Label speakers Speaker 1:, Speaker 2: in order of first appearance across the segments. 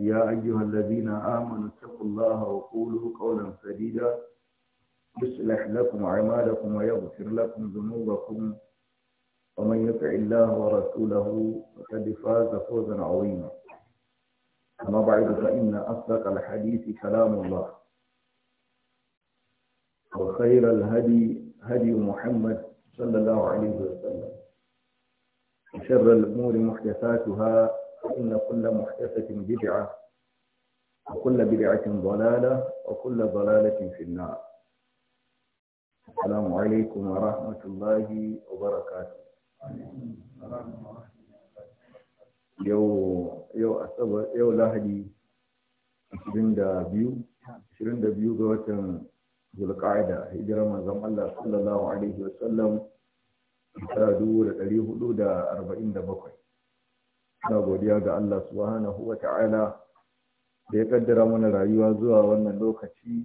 Speaker 1: يا أيها الذين آمنوا اتقوا الله وقولوا قولا سديدا يصلح لكم أعمالكم ويغفر لكم ذنوبكم ومن يطع الله ورسوله فقد فاز فوزا عظيما أما بعد فإن أصدق الحديث كلام الله وخير الهدي هدي محمد صلى الله عليه وسلم وشر الأمور محدثاتها فإن كل محدثة بدعة وكل بدعة ضلالة وكل ضلالة في النار السلام عليكم ورحمة الله
Speaker 2: وبركاته
Speaker 1: yau yau asabar yau lahadi 22 22 ga watan zulqa'ida hijirar manzon Allah sallallahu alaihi wasallam da 1447 Na godiya ga Allah subhanahu wa ta'ala da ya kaddara mana rayuwa zuwa wannan lokaci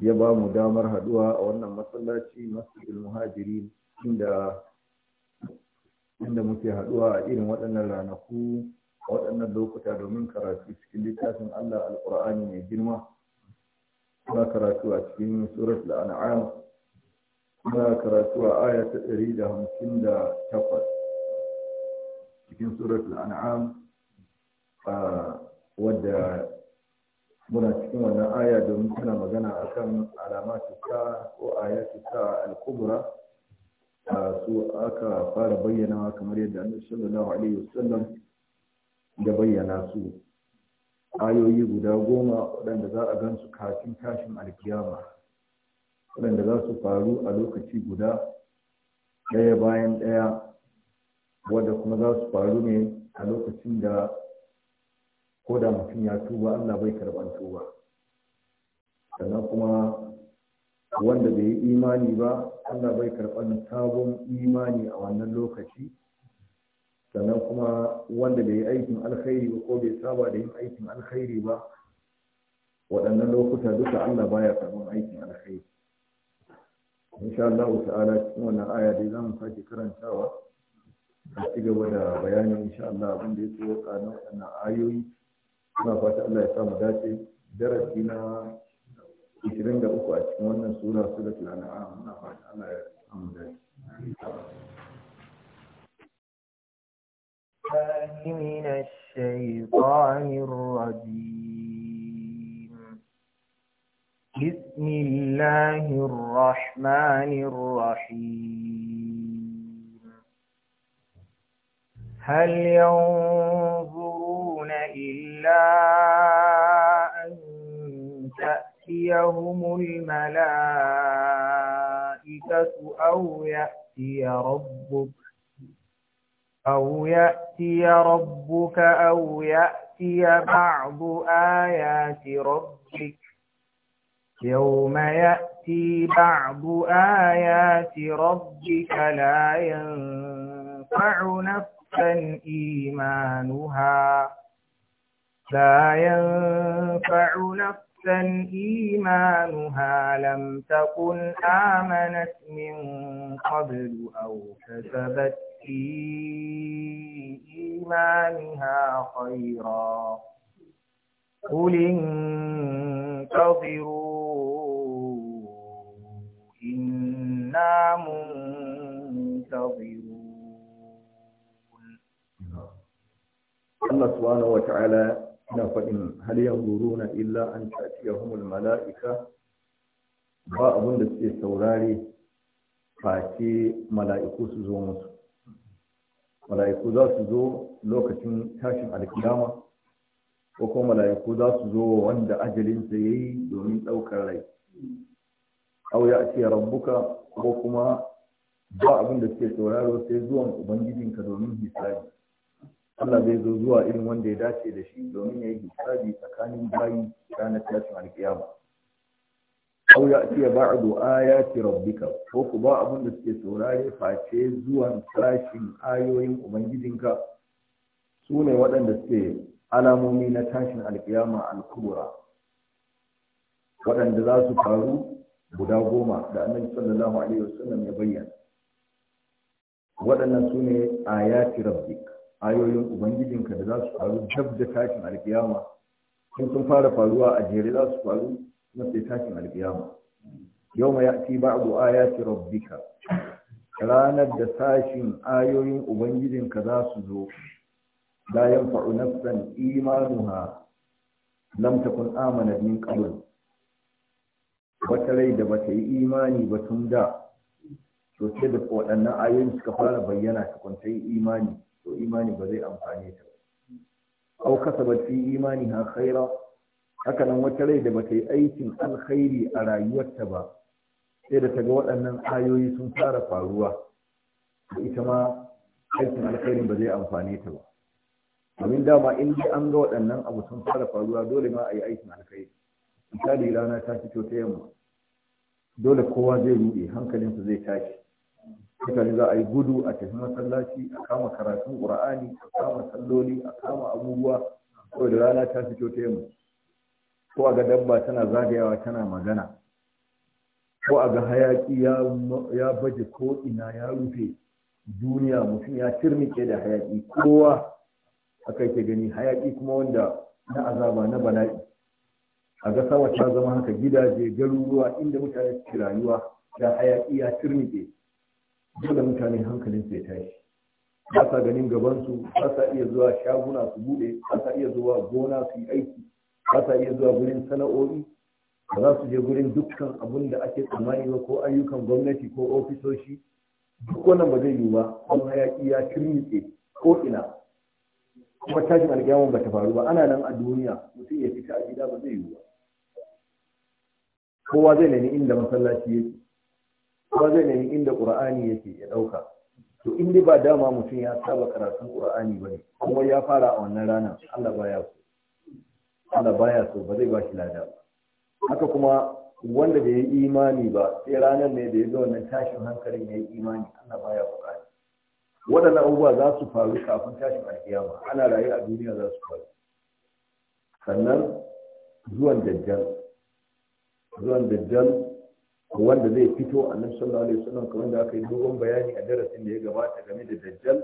Speaker 1: ya ba mu damar haduwa a wannan masallaci masjidil muhajiri inda inda muke haduwa a irin waɗannan ranaku a waɗannan lokuta domin karatu cikin littafin Allah alƙur'ani mai girma muna karatu a cikin suratul an'am muna karatu a aya ta ɗari da hamsin da takwas cikin suratul an'am wadda muna cikin wannan aya domin tana magana akan alamatu ta ko ayatu ta al-kubra su aka fara bayyana kamar yadda annabi sallallahu alaihi wasallam ya bayyana su ayoyi guda goma waɗanda za a gansu kafin tashin alkiyama waɗanda za su faru a lokaci guda ɗaya bayan ɗaya wanda kuma za su faru ne a lokacin da ko da mutum ya tuba Allah bai karɓar tuba sannan kuma wanda bai yi imani ba Allah bai karɓar sabon imani a wannan lokaci sannan kuma wanda bai yi aikin alkhairi ba ko bai saba da yin aikin alkhairi ba waɗannan lokuta duka Allah baya karɓar aikin alkhairi insha Allah ta'ala cikin wannan aya dai za mu sake karantawa a ci gaba da bayanin insha Allah abin da ya tsoro kana wannan ayoyi suna fata Allah ya sa mu dace darasi na 23 a cikin wannan sura suratul
Speaker 2: an'am ina fata Allah ya sa dace من الشيطان الرجيم
Speaker 3: بسم الله الرحمن الرحيم هل ينظرون إلا أن تأتيهم الملائكة أو يأتي ربك أو يأتي ربك أو يأتي بعض آيات ربك يوم يأتي بعض آيات ربك لا ينفع نفس إيمانها لا ينفع نفسا إيمانها لم تكن آمنت من قبل أو كسبت في إيمانها خيرا قل انتظروا
Speaker 1: إنا
Speaker 3: منتظرون
Speaker 1: Allah subhanahu wa ta'ala na faɗin hal yanzuruna illa an ta'tiyahumul mala'ika ba abun da suke saurare face mala'iku su zo musu mala'iku za su zo lokacin tashin alkiyama ko kuma mala'iku za su zo wanda ajalinsa ya yi domin ɗaukar rai aw ya ce rabbuka ko kuma ba abin da suke sauraro sai zuwan ubangijinka domin hisabi Allah zai zo zuwa irin wanda ya dace da shi domin ya yi hisabi tsakanin bayi ranar tashin alkiyama aw ya'tiya ya ce rabbika ko ku ba abin da suke saurare face zuwa tashin ayoyin ubangijinka su ne waɗanda suke alamomi na tashin alkiyama al-kubra waɗanda za su faru guda goma da annabi sallallahu alaihi wasallam ya bayyana waɗannan su ne ayati rabbika ayoyin ubangijinka da za su faru dab da tashin alkiyama sun sun fara faruwa a jere za su faru na sai tashin alkiyama yau mai yati ya ayati rabbika ranar da sashin ayoyin ubangijinka za su zo la yanfa'u nafsan imanuha lam takun amanat min qabl wata rai da bata yi imani ba tun da sosai da waɗannan ayoyin suka fara bayyana ta kwanta yi imani to imani ba zai amfane ta au kasabat fi imani ha khaira haka nan wata rai da ba ta yi aikin alkhairi a rayuwarta ba sai da ta ga waɗannan ayoyi sun fara faruwa to ita ma aikin alkhairin ba zai amfane ta ba domin dama in dai an ga waɗannan abu sun fara faruwa dole ma a yi aikin alkhairi misali rana ta fito ta yamma dole kowa zai ruɗe hankalinsa zai tashi mutane za a yi gudu a tafi masallaci a kama karatun ƙur'ani, a kama salloli a kama abubuwa da rana ta fito ta yamma ko a ga dabba tana zagayawa tana magana ko a ga hayaƙi ya baje ko ina ya rufe duniya mutum ya cirmike da hayaƙi. kowa aka ke gani hayaƙi kuma wanda na azaba na bala'i a ga sama ta zama haka gidaje garuruwa inda mutane suke rayuwa da hayaƙi ya cirmike dole mutane hankalin su ya tashi ba sa ganin gabansu ba sa iya zuwa shaguna su bude ba sa iya zuwa gona su yi aiki ba sa iya zuwa gurin sana'o'i ba za su je gurin dukkan abun da ake tsammani ba ko ayyukan gwamnati ko ofisoshi duk wannan ba zai yiwu ba an hayaki ya kirmitse ko ina kuma tashin alƙiyamun ba ta faru ba ana nan a duniya mutum ya fita a gida ba zai yiwu ba kowa zai nemi inda masallaci yake ba zai nemi inda ƙur'ani yake ya ɗauka. to in dai ba dama mutum ya saba karatun ba ne, kuma ya fara a wannan rana Allah baya so Allah ya so ba zai ba shi lada ba. haka kuma wanda bai yi imani ba sai ranar ne da ya zo wannan tashin hankalin ya yi imani Allah baya buƙata waɗannan abubuwa za su faru kafin tashin alkiyama ana rayu a duniya za su faru sannan zuwan dajjal zuwan dajjal wanda zai fito annabi sallallahu alaihi wasallam kamar da aka yi dogon bayani a darasin da ya gabata game da dajjal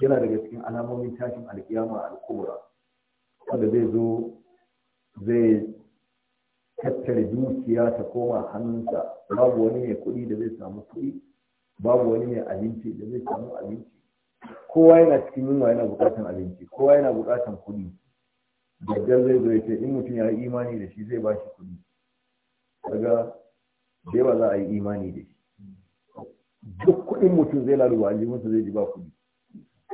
Speaker 1: yana daga cikin alamomin tashin alkiyama al-kubra wanda zai zo zai tattare dukiya ta koma hannunsa babu wani mai kuɗi da zai samu kuɗi babu wani mai abinci da zai samu abinci kowa yana cikin yunwa yana buƙatan abinci kowa yana buƙatan kuɗi dajjal zai zo ya ce in mutum ya yi imani da shi zai ba shi kuɗi daga da yawa za a yi imani da shi duk kuɗin mutum zai laruwa su zai ji ba kuɗi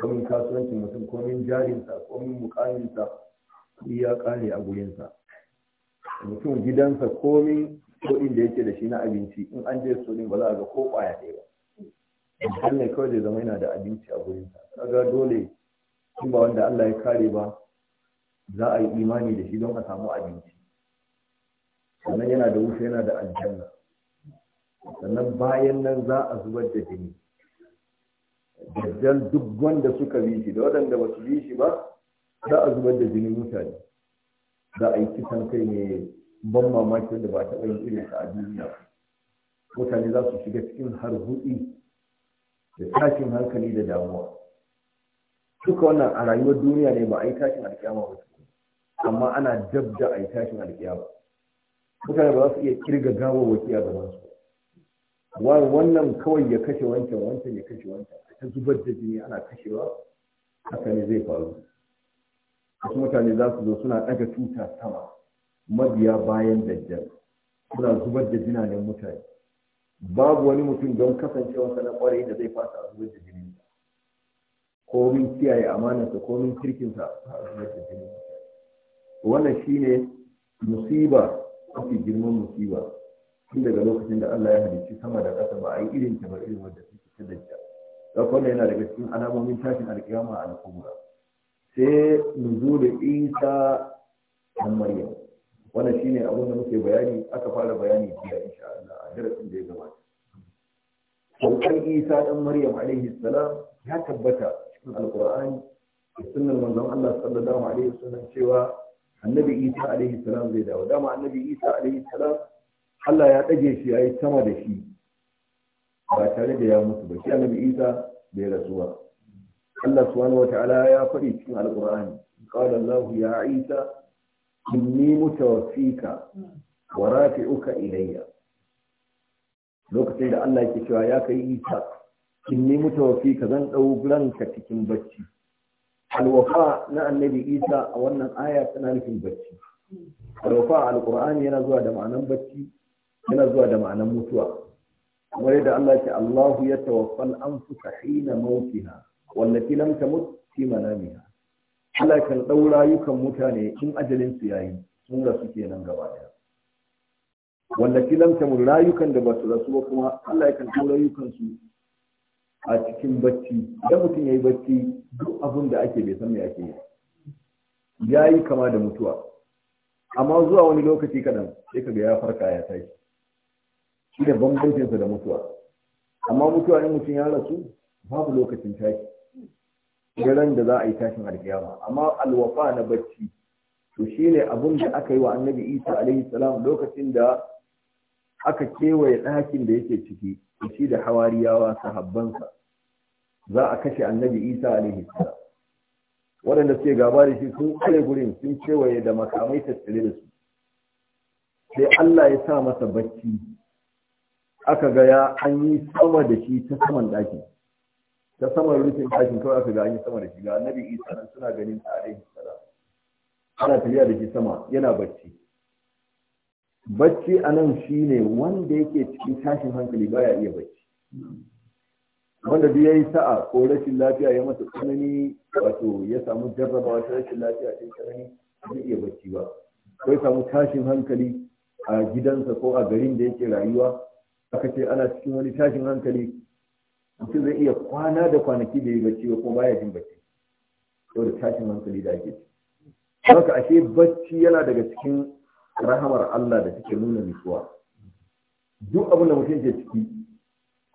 Speaker 1: komin kasuwancin mutum komin jarinsa komin mukaminsa kuɗi ya kare a gurinsa mutum gidansa komin kuɗin da yake da shi na abinci in an je so ba za a ga ko ƙwaya ɗaya ba mutum ne kawai da zama yana da abinci a gurinsa kaga dole in ba wanda Allah ya kare ba za a yi imani da shi don a samu abinci sannan yana da wuce yana da aljanna sannan bayan nan za a zubar da jini dajjal duk wanda suka bi shi da waɗanda ba su bi shi ba za a zubar da jini mutane za a yi kisan kai ne ban mamaki da ba taɓa yin irin a duniya mutane za su shiga cikin harbuɗi da tashin hankali da damuwa duka wannan a rayuwar duniya ne ba a yi tashin alkiyama ba amma ana dab da a yi tashin alkiyama mutane ba za su iya kirga wakiya a su. wannan kawai ya kashe wancan wancan ya kashe wancan ta zubar da jini ana kashewa haka ne zai faru wasu mutane za su zo suna ɗaga tuta sama mabiya bayan dajjal suna zubar da jinanen mutane babu wani mutum don kasancewa na kwarai da zai fasa a zubar da jini ko min kiyaye amanarsa ko min kirkinsa a zubar da jini wannan shine musiba mafi girman musiba tun daga lokacin da Allah ya halicci sama da ƙasa ba a yi irin ta ba irin wadda suke ta dajjal da kuma yana daga cikin alamomin tashin alƙiyama a kubra sai nuzul Isa dan Maryam wannan shine abin da muke bayani aka fara bayani jiya insha Allah a darasin da ya gabata saukan Isa dan Maryam alaihi salam ya tabbata cikin alqur'ani da sunnar manzon Allah sallallahu alaihi wasallam cewa annabi Isa alaihi salam zai dawo dama annabi Isa alaihi salam Allah ya ɗage shi ya yi sama da shi ba tare da ya mutu ba shi annabi Isa bai rasu ba Allah subhanahu Ta'ala ya faɗi cikin alƙur'ani qala Allah ya Isa inni mutawaffika wa rafi'uka ilayya lokacin da Allah yake cewa ya kai Isa inni mutawaffika zan dau ranka cikin bacci alwafa na annabi Isa a wannan aya tana nufin bacci alwafa alqur'ani yana zuwa da ma'anan bacci yana zuwa da ma'anar mutuwa kamar yadda Allah ce Allahu ya tawaffal anfusa hina mautiha wallati lam tamut fi manamiha Allah kan dau rayukan mutane in ajalin su yayi sun rasu kenan gaba daya wallati lam tamut rayukan da ba su rasu ba kuma Allah kan dau rayukan su a cikin bacci idan mutum yayi bacci duk abin da ake bai san me ake yi yayi kama da mutuwa amma zuwa wani lokaci kadan sai kaga ya farka ya tashi shi da bambancinsa da mutuwa amma mutuwa in mutum ya rasu babu lokacin tashi ran da za a yi tashin alkiyama amma alwafa na bacci to shi ne abin da aka yi wa annabi isa alaihi salam lokacin da aka kewaye ɗakin da yake ciki shi da hawariyawa sahabbansa za a kashe annabi isa alaihi salam waɗanda suke gaba da shi sun kare gurin sun kewaye da makamai tattare da su sai allah ya sa masa bacci aka ga ya an yi sama da shi ta saman ɗakin ta saman rufin ɗakin kawai aka ga an yi sama da shi ga annabi isa nan suna ganin ta alaihi salam ana tafiya da shi sama yana bacci bacci a nan wanda yake cikin tashin hankali baya iya bacci wanda duk ya yi sa'a ko rashin lafiya ya masa tsanani wato ya samu jarrabawa ta rashin lafiya ta tsanani ba iya bacci ba ko ya samu tashin hankali a gidansa ko a garin da yake rayuwa aka ce ana cikin wani tashin hankali mutum zai iya kwana da kwanaki da yi bacci ko baya jin bacci da tashin hankali da ake ci haka ashe bacci yana daga cikin rahamar Allah da take nuna nutsuwa duk abin da mutum ke ciki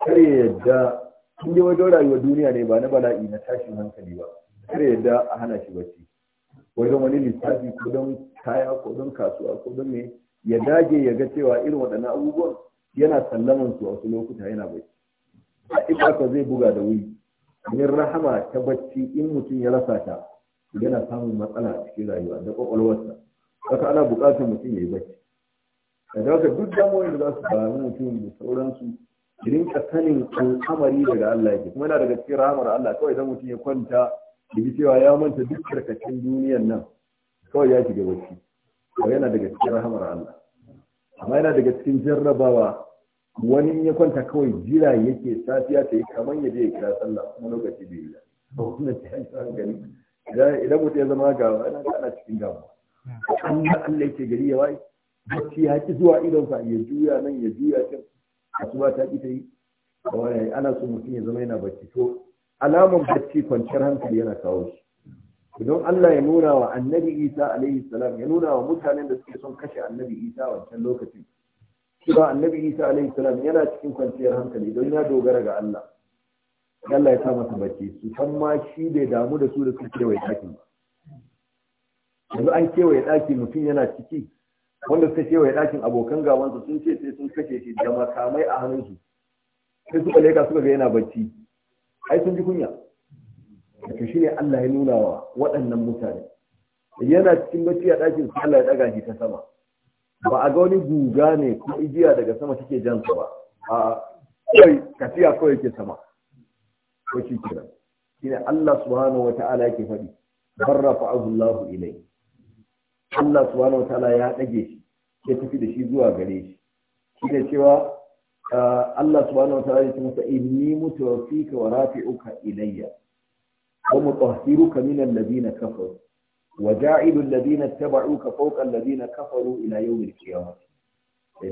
Speaker 2: kare yadda
Speaker 1: tun dai wajen rayuwar duniya ne ba na bala'i na tashin hankali ba kare yadda a hana shi bacci wajen wani lissafi ko don kaya ko don kasuwa ko don me ya dage ya ga cewa irin waɗannan abubuwan yana sallaman su a wasu lokuta yana bai. a ibaka zai buga da wuri min rahama ta bacci in mutum ya rasa ta yana samun matsala a cikin rayuwa da kwakwalwarsa haka ana buƙatar mutum ya yi bacci a haka duk damuwar da za su samu mutum da sauransu irin sanin al'amari daga Allah yake kuma yana daga cikin rahamar Allah kawai idan mutum ya kwanta da ji cewa ya manta duk karkacin duniyar nan kawai ya shiga bacci kawai yana daga cikin rahamar Allah amma yana daga cikin jarrabawa wani ya kwanta kawai jira yake safiya ta yi kamar ya je ya kira sallah kuma lokaci bai yi
Speaker 2: wannan ta
Speaker 1: yi hankali idan mutum ya zama gawa yana kana cikin gawa Allah Allah yake gari ya waye? bacci ya ki zuwa sa ya juya nan ya juya can ba ta ki ta yi ana so mutum ya zama yana bacci to alamun bacci kwanciyar hankali yana kawo shi idan Allah ya nuna wa annabi Isa alaihi salam ya nuna wa mutanen da suke son kashe annabi Isa a wancan lokacin cewa annabi Isa alaihi salam yana cikin kwanciyar hankali don ya dogara ga Allah Allah ya sa masa bacci su san ma shi bai damu da su da su kewaye ɗakin ba yanzu an wai daki mutum yana ciki wanda suka wai dakin abokan gawansa sun ce sai sun kashe shi da makamai a hannunsu sai suka leka suka ga yana bacci ai sun ji kunya shi ne Allah ya nuna wa waɗannan mutane yana cikin bacci a ɗakin su Allah ya ɗaga shi ta sama ba a ga wani guga ne ko igiya daga sama take jansa ba a kawai kafiya kawai yake sama ko shi kenan shine Allah subhanahu wata'ala yake faɗi barrafa Allahu ilai Allah subhanahu wata'ala ya ɗage shi ya tafi da shi zuwa gare shi shine cewa ah, Allah subhanahu wata'ala ya ce masa inni mutawaffika wa rafi'uka ilayya ومطهرك من الذين كفروا وجاعل الذين اتبعوك فوق الذين كفروا إلى يوم القيامة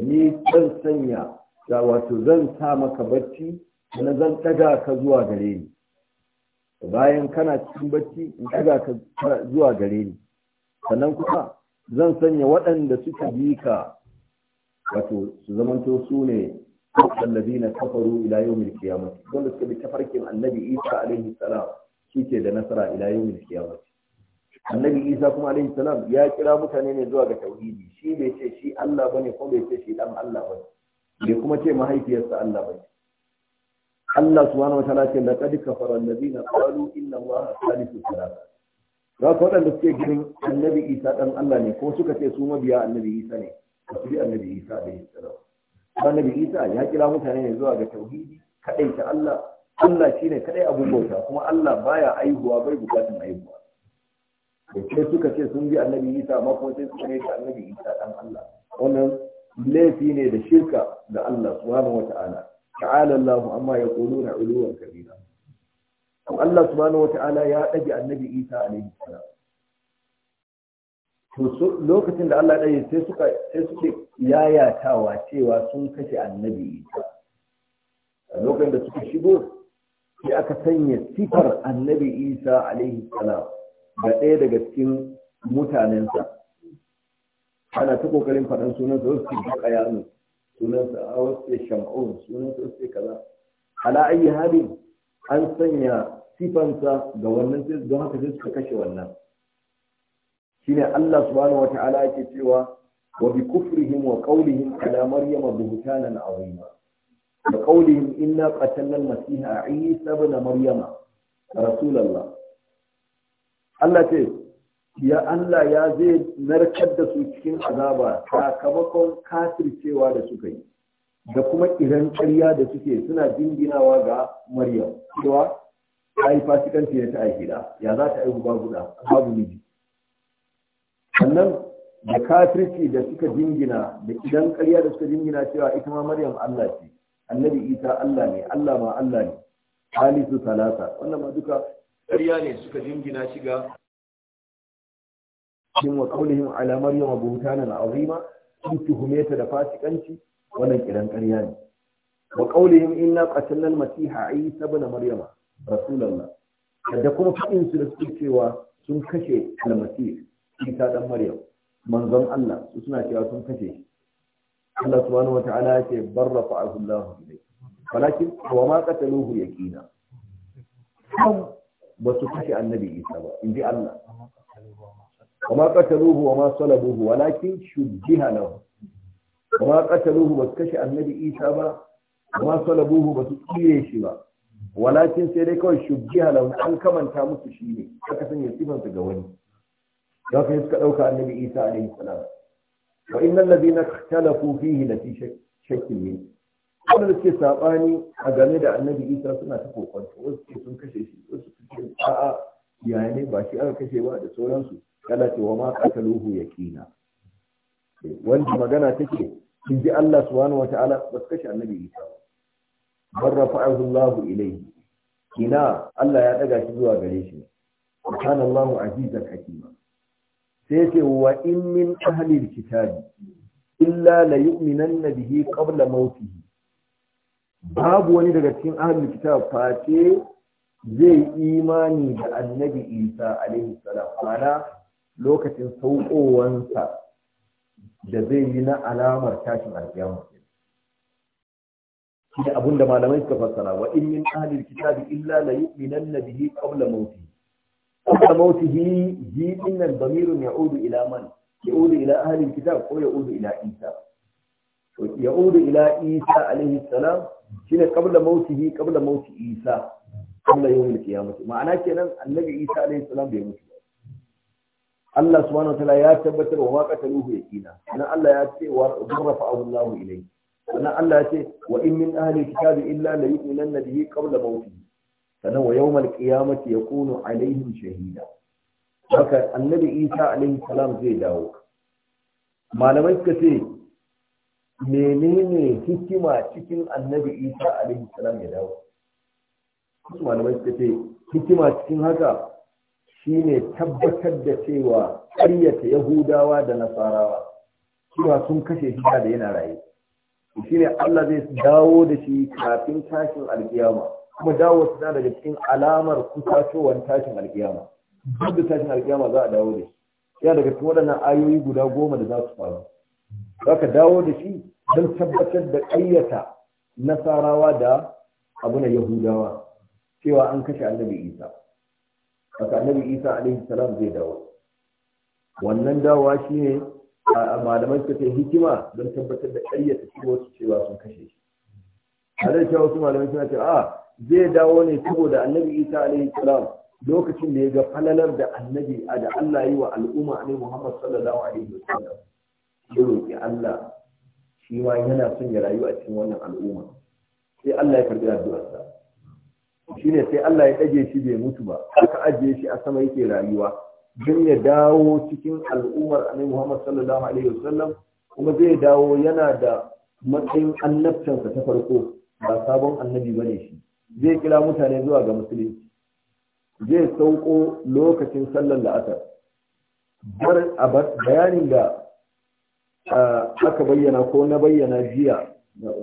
Speaker 1: ni zan sanya da wato zan sa maka barci na zan ɗaga ka zuwa gare ni bayan kana cikin barci in ɗaga ka zuwa gare ni sannan kuma zan sanya waɗanda suka bi ka wato su zamanto su ne الذين كفروا إلى يوم القيامة. قال لك النبي Isa عليه السلام shi ke da nasara ila yau da kiyama annabi isa kuma alaihi salam ya kira mutane ne zuwa ga tauhidi shi bai ce shi Allah bane ko bai ce shi dan Allah bane bai kuma ce mahaifiyarsa Allah bane Allah subhanahu wataala ce laqad kafara allazina qalu inna allaha salisu thalatha ga ko da suke girin annabi isa dan Allah ne ko suka ce su mabiya annabi isa ne su bi annabi isa alaihi salam annabi isa ya kira mutane ne zuwa ga tauhidi kadai ta Allah Allah shi ne kaɗai abin bauta kuma Allah baya aihuwa bai bukatun aihuwa da ce suka ce sun bi annabi isa amma kuma sai suka ne annabi isa ɗan Allah wannan laifi ne da shirka da Allah subhanahu wata'ala ta'ala Allah amma ya quluna uluwan kabira Allah subhanahu wata'ala ya ɗage annabi isa alaihi salam to lokacin da Allah ɗaya sai suka sai suke yayatawa cewa sun kashe annabi Isa a lokacin da suka shigo sai aka sanya sifar annabi isa alaihi salam ga ɗaya daga cikin mutanensa ana ta ƙoƙarin faɗan sunansa wasu cikin ƙayanu sunansa a wasu shamun sunansa wasu kaza ala ayi halin an sanya sifansa ga wannan sai don haka sai suka kashe wannan shine Allah subhanahu wata'ala yake cewa wa bi kufrihim wa qawlihim ala maryama buhtanan azima da kaulihim inna qatalna al-masiha isa ibn maryama rasulullah Allah ce ya Allah ya zai narkar da su cikin azaba sakamakon kafircewa da suka yi da kuma iran ƙarya da suke suna dinginawa ga maryam cewa ai yi fasikanci ta aiki da ya za ta aihu babu da babu miji sannan da kafirci da suka dingina da idan ƙarya da suka dingina cewa ita ma maryam Allah ce annabi isa Allah ne Allah ma Allah ne halisu salasa wannan ma duka ƙarya ne suka jingina shi ga shin wa qaulihim ala maryam buhtanan azima sun tuhume ta da fasikanci wannan kiran ƙarya ne wa qaulihim inna qatalna al-masiha isa ibn maryama rasulullah Kada kuma faɗin su da suke cewa sun kashe al-masih isa dan maryam manzon Allah su suna cewa sun kashe shi Allah subhanahu wa ta'ala ya ce barrafa Allah ilai walakin wa ma ya yaqina kan ba su kashe annabi Isa ba in ji Allah wa ma qataluhu wa ma salabuhu walakin shubbiha lahu wa ma qataluhu ba su kashe annabi Isa ba wa ma salabuhu ba su kire shi ba walakin sai dai kawai shubbiha lahu an kamanta musu shi ne aka sanya sifansa ga wani da kai suka ɗauka annabi Isa alaihi salam wa innal ladina ikhtalafu fihi la fi shakkin min wanda suke saɓani a game da annabi isa suna ta kokonta wasu ke sun kashe shi
Speaker 2: wasu ce a'a
Speaker 1: yaya ne ba shi aka kashe ba da sauransu kana ce wa ma qataluhu wanda magana take in ji Allah subhanahu wata'ala ba su kashe annabi isa bar rafa'ahu ilaihi. ilayhi kina Allah ya daga shi zuwa gare shi kana Allahu azizan hakima sai ce wa in min ahlil kitabi illa la yu'minanna bihi qabla mautihi babu wani daga cikin ahlul kitab face zai imani da annabi isa alaihi salam mana lokacin saukowansa da zai yi na alamar tashin alkiyama shi abinda malamai suka fassara wa in min ahlil kitabi illa la yu'minanna bihi qabla mautihi قبل موته هي إن الضمير يعود إلى من؟ يعود إلى أهل الكتاب أو يعود إلى عيسى؟ يعود إلى عيسى عليه السلام هنا قبل موته قبل موت عيسى قبل يوم القيامة معناه كنا النبي عيسى عليه السلام بيموت الله سبحانه وتعالى يثبت وما قتلوه يقينا أنا الله يأتي ورفعه الله إليه أنا الله يأتي وإن من أهل الكتاب إلا ليؤمنن به قبل موته sannan wa yawmal qiyamati yakunu alaihim shahida haka annabi isa alaihi salam zai dawo malamai suka ce menene hikima cikin annabi isa alaihi salam ya dawo wasu malamai suka ce hikima cikin haka shine tabbatar da cewa ƙaryata yahudawa da nasarawa cewa sun kashe shi da yana raye shine Allah zai dawo da shi kafin tashin alkiyama kuma dawo su na daga cikin alamar kusacowar tashin alkiyama duk tashin alkiyama za a dawo da shi yana daga cikin waɗannan ayoyi guda goma da za su faru za ka dawo da shi don tabbatar da ƙayyata nasarawa da abu na yahudawa cewa an kashe annabi isa haka annabi isa alaihi salam zai dawo wannan dawowa shi ne a malaman suka ce hikima don tabbatar da ƙayyata cewa su cewa sun kashe shi a da cewa wasu malamai suna cewa a ah, zai dawo ne saboda annabi isa alaihi salam lokacin da ya ga falalar da annabi da Allah yi wa al'umma ne Muhammad sallallahu alaihi wa sallam. ya roƙi Allah shi ma yana son ya rayu a cikin wannan al'umma sai Allah ya karbi addu'arsa shine sai Allah ya ɗage shi bai mutu ba aka ajiye shi a sama yake rayuwa don ya dawo cikin al'ummar annabi Muhammad sallallahu alaihi wa sallam kuma zai dawo yana da matsayin annabtansa ta farko ba sabon annabi bane shi zai kira mutane zuwa ga musulunci zai sauko lokacin sallar la'asar bar bayanin da aka bayyana ko na bayyana jiya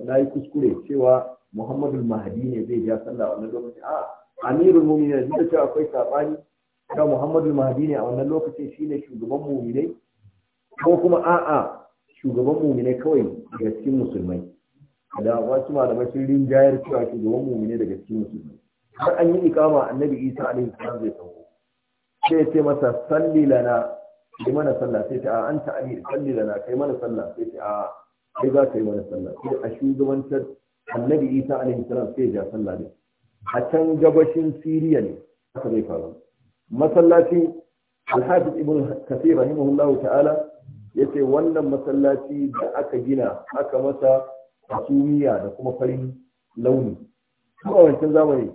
Speaker 1: na yi kuskure cewa muhammadu mahadi ne zai ja sallah wannan lokacin a amirul mu'minin da cewa akwai sabani ga muhammadu mahadi ne a wannan lokacin shine shugaban mu'minai ko kuma a'a shugaban mu'minai kawai ga cikin musulmai da wasu malamai sun rinjayar cewa shugaban mummune daga cikin musulmi har an yi ikama annabi isa alaihi salam zai sauko sai ya ce masa salli lana kai mana sallah sai ta anta amir salli lana kai mana sallah sai ta kai za ka yi mana sallah sai a shugabantar annabi isa alaihi salam sai ya sallah ne a can gabashin siriya ne haka zai faru masallacin alhafiz ibn kasir rahimahullahu ta'ala yace wannan masallaci da aka gina aka masa hasumiya da kuma farin launi kuma wancan zamani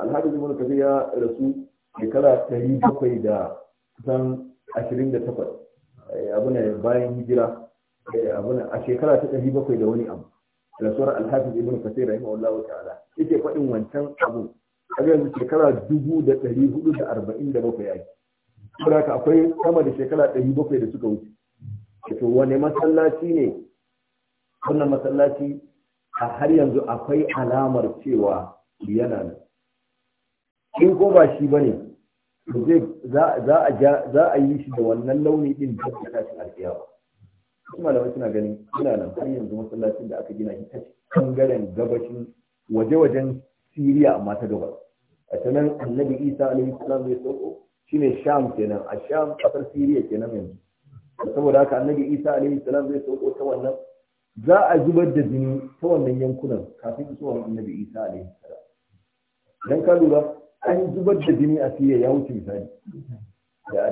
Speaker 1: alhaji zai kafin ya rasu shekara ɗari bakwai da kusan ashirin da takwas eh, abin bayan hijira eh, abin a shekara ta ɗari bakwai da wani abu rasuwar alhaji ibn kasir rahimahullahu ta'ala yake faɗin wancan abu A yanzu shekara dubu da ɗari hudu da arba'in da bakwai da saboda akwai sama da shekara ɗari bakwai da suka wuce to wane masallaci ne wannan masallaci a har yanzu akwai alamar cewa yana nan in ko ba shi bane za a yi shi da wannan launi din da ta tashi ba, su malamai suna ganin suna nan har yanzu masallacin da aka gina shi ta bangaren gabashin waje-wajen siriya amma ta gabas a ta annabi isa alaihi salam zai sauko shine sham kenan a sham kasar siriya kenan yanzu saboda haka annabi isa alaihi salam zai sauko ta wannan za a zubar da jini ta wannan yankunan kafin isowar annabi isa alaihi salam dan ka lura an zubar da jini a siya ya wuce misali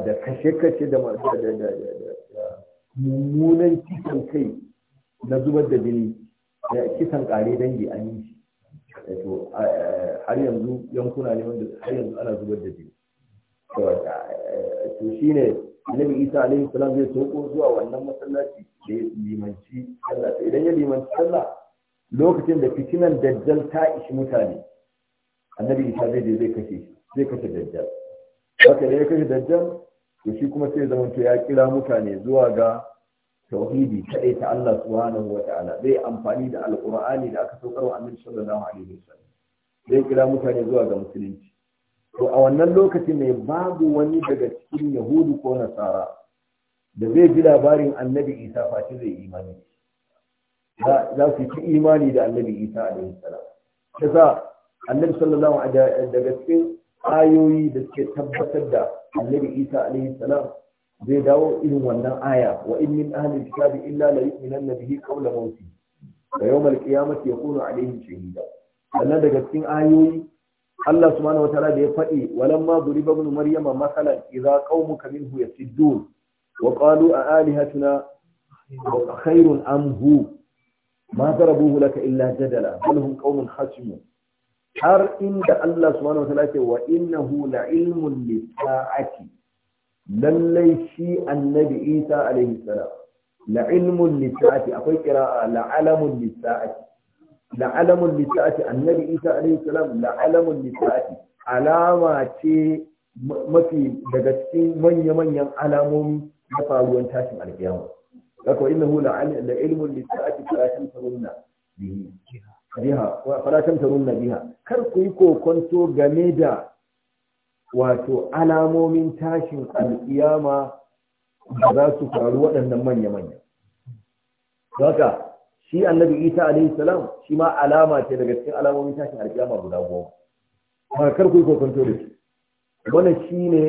Speaker 1: da kashe-kashe da masu mummunan kisan kai na zubar da jini da kisan kare dangi an yi shi eh, har yanzu yankuna ne wanda har yanzu ana zubar da jini to shine. annabi isa alaihi salam zai toko zuwa wannan masallaci da ya limanci sallah idan ya limanci sallah lokacin da fitinan dajjal ta ishi mutane annabi isa zai je zai kashe zai kashe dajjal haka da ya kashe dajjal to shi kuma sai zama ya kira mutane zuwa ga tauhidi kadai ta Allah subhanahu wa ta'ala zai amfani da alqur'ani da aka saukar wa annabi sallallahu alaihi wasallam zai kira mutane zuwa ga musulunci to a wannan lokaci mai babu wani daga cikin yahudu ko nasara da zai ji labarin annabi isa face zai imani za su ci imani da annabi isa alaihi salam ta sa annabi sallallahu alaihi daga cikin ayoyi da suke tabbatar da annabi isa alaihi salam zai dawo irin wannan aya wa in min ahli kitabi illa la yu'minanna bihi qawla mawti wa yawm al-qiyamati yakunu alaihim shahida sannan daga cikin ayoyi Allah subhanahu wataala da ya faɗi walamma duriba ibn maryama masalan idza qaumuka minhu yasiddun wa qalu a alihatuna khairun am hu ma darabuhu laka illa jadala bal hum qaumun khasimun har inda Allah subhanahu wataala wa innahu la ilmun lisaati lallai shi annabi Isa alaihi salam la ilmun lisaati akwai ƙira'a, la alamun lisaati لعلم لساعة النبي عيسى عليه السلام لعلم لساعة alama ce mafi daga cikin manya-manyan alamomi na faruwar tashin alkiyama kaka inna hu la ilmun li sa'ati faratan tarunna bihi biha faratan tarunna biha kar ku yi kokonto game da wato alamomin tashin alkiyama da za su faru waɗannan manya-manya haka shi annabi isa alaihi salam shi ma alama ce daga cikin alamomin tashin alkiyama guda goma ba kar ku yi kokonto da shi wannan shi ne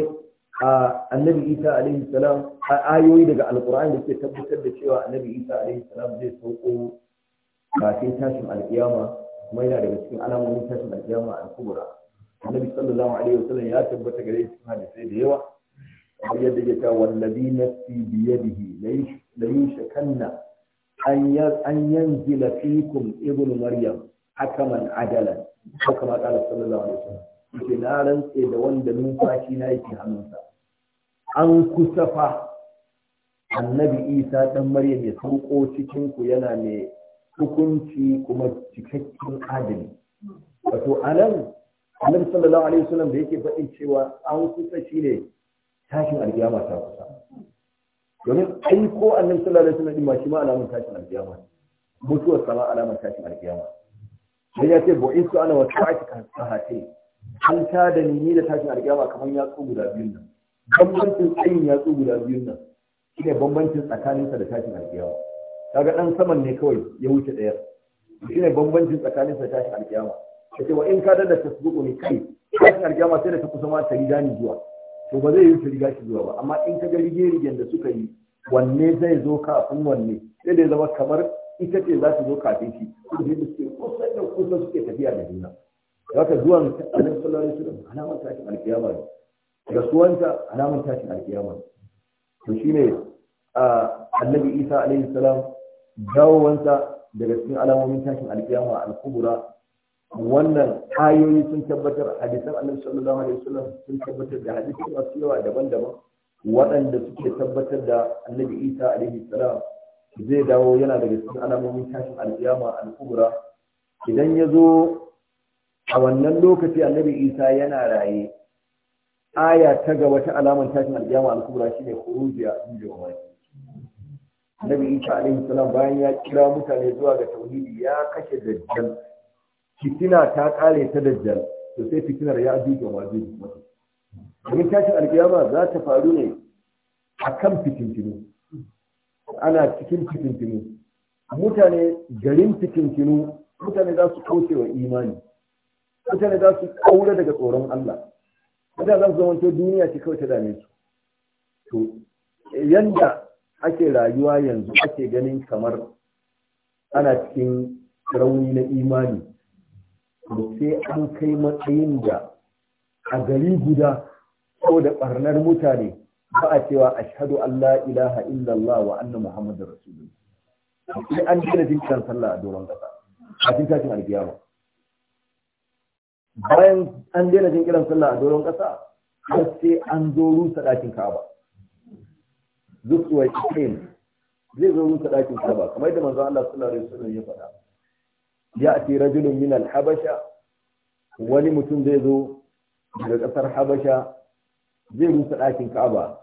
Speaker 1: annabi isa alaihi salam a ayoyi daga alkur'ani da ke tabbatar da cewa annabi isa alaihi salam zai sauko kafin tashin alkiyama kuma yana daga cikin alamomin tashin alkiyama al-kubra annabi sallallahu alaihi wasallam ya tabbata gare shi hadisai da yawa kamar yadda ya ta wallabi nafsi biyadihi la yushakanna an yanzila fikum ibn maryam man adalan haka ma kala sallallahu alaihi wasallam yake na rantse da wanda numfashi na yake hannunsa an kusa fa annabi isa dan maryam ya sauko cikinku yana mai hukunci kuma cikakken adali wato anan annabi sallallahu alaihi wasallam da yake faɗin cewa an kusa shine tashin alkiyama ta kusa domin aiko annabi sallallahu alaihi wasallam ma shi ma alamun tashin alkiyama mutuwar sama alamun tashin alkiyama sai ya ce su ana wa sa'ati ka sahate an ta da ni da tashin alkiyama kamar ya yatsu guda biyun nan bambancin tsayin yatsu guda biyun nan shine bambancin tsakaninsa da tashin alkiyama kaga dan saman ne kawai ya wuce ɗaya shine bambancin tsakaninsa da tashin alkiyama ce wa in ka da tasbuku ne kai tashin alkiyama sai da ta kusa ma ta yi dani zuwa to ba zai yi su riga shi zuwa ba amma in ka ga rige-rigen da suka yi wanne zai zo kafin wanne sai da zama kamar ita ce za su zo kafin shi su da suke kusa da kusa suke tafiya da juna haka zuwan annabi sallallahu alaihi wasallam alamar tashin alkiyama ne rasuwanta alamar tashin alkiyama to shine annabi isa alaihi salam dawowansa daga cikin alamomin tashin alkiyama al-kubra wannan ayoyi sun tabbatar hadisan annabi sallallahu alaihi wasallam sun tabbatar da hadisi masu yawa daban-daban waɗanda suke tabbatar da annabi isa alaihi salam zai dawo yana daga cikin alamomin tashin alkiyama al-kubra idan ya zo a wannan lokaci annabi isa yana raye aya ta gaba ta alamar tashin alkiyama al-kubra shine khurujiya inda annabi isa alaihi salam bayan ya kira mutane zuwa ga tauhidi ya kashe dajjal fitina ta kare ta dajjal to sai fitinar ya ajuju wa ajuju domin tashin alkiyama za ta faru ne a kan fitintinu ana cikin fitintinu mutane garin fitintinu mutane za su kauce wa imani mutane za su kaura daga tsoron Allah mutane za su zamanto duniya ce kawai ta dame su to yanda ake rayuwa yanzu ake ganin kamar ana cikin rauni na imani da sai an kai matsayin da a gari guda ko da barnar mutane ba a cewa ashhadu an la ilaha illallah wa anna Muhammadu rasulun. sai an gina jinkiran sallah a doron ƙasa, a cikin tashin alkiyama bayan an daina jinkiran sallah a doron ƙasa, har sai an zo rusa ɗakin ka'aba zuwa ikin zai zo rusa ɗakin ka'aba kamar yadda manzo Allah sallallahu alaihi wasallam ya faɗa ya'ti rajulun min al-habasha wani mutum zai zo daga kasar habasha zai rusa ɗakin ka'aba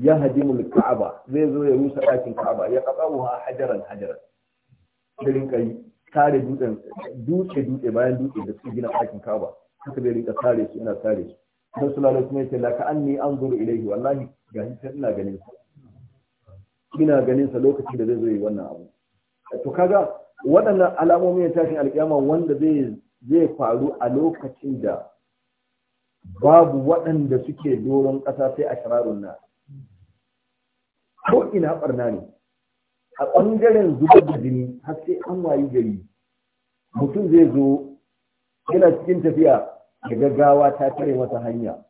Speaker 1: ya hadimul ka'aba zai zo ya rusa ɗakin ka'aba ya qatawa hajaran hajaran da kai, tare dutsen dutse dutse bayan dutse da su gina ɗakin ka'aba haka zai rinka tare su yana tare su dan sulala kuma yace la ka anni anzuru ilayhi wallahi ga shi ina ganin sa ina ganin sa lokacin da zai zo yi wannan abu to kaga waɗannan alamomin ya tashin alƙiyama wanda zai faru a lokacin da babu waɗanda suke doron ƙasa sai a shirarun na ko ina ɓarna ne a ɓangaren zubar da jini har sai an wayi gari mutum zai zo yana cikin tafiya da gaggawa ta tare masa hanya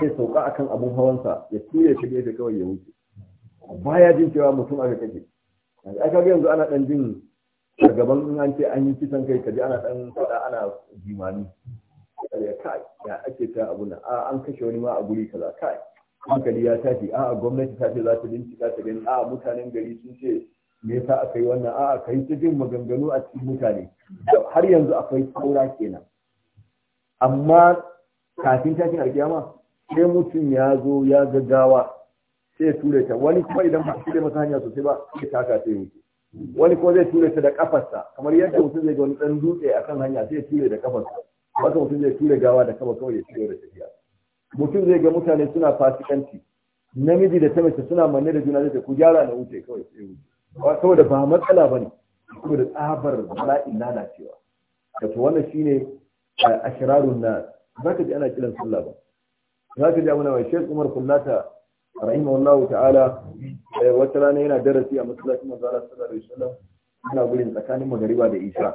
Speaker 1: sai sauka akan abun hawansa ya tura shi gefe kawai ya wuce baya jin cewa mutum aka kake a kaga yanzu ana ɗan jin a gaban in an ce an yi kisan kai kaji ana dan faɗa ana jimani ya kai ya ake ta abu na an kashe wani ma a guri kaza kai hankali ya tafi a gwamnati ta ce za ta bincika ta gani a mutanen gari sun ce me yasa aka yi wannan a kai ta jin maganganu a cikin mutane har yanzu akwai saura kenan amma kafin tashin alkiyama sai mutum ya zo ya gaggawa sai tura ta wani kuma idan ba shi da masa hanya sosai ba sai taka sai wuce wani ko zai ture ta da kafarsa kamar yadda mutum zai ga wani dan dutse a kan hanya sai ya ture da kafarsa Wata mutum zai ture gawa da kafa kawai ya ture da tafiya mutum zai ga mutane suna fasikanci namiji da ta mace suna manne da juna zai ku gyara na wuce kawai sai wuce saboda ba matsala bane saboda tsabar bala'in lalacewa wato wannan shine ashirarun na zaka ji ana kiran sallah ba zaka ji abuna wa shek Umar Kullata rahimahullahu ta'ala eh, wata rana yana darasi a masallacin manzo Allah sallallahu alaihi wasallam yana gurin tsakanin magariba da isha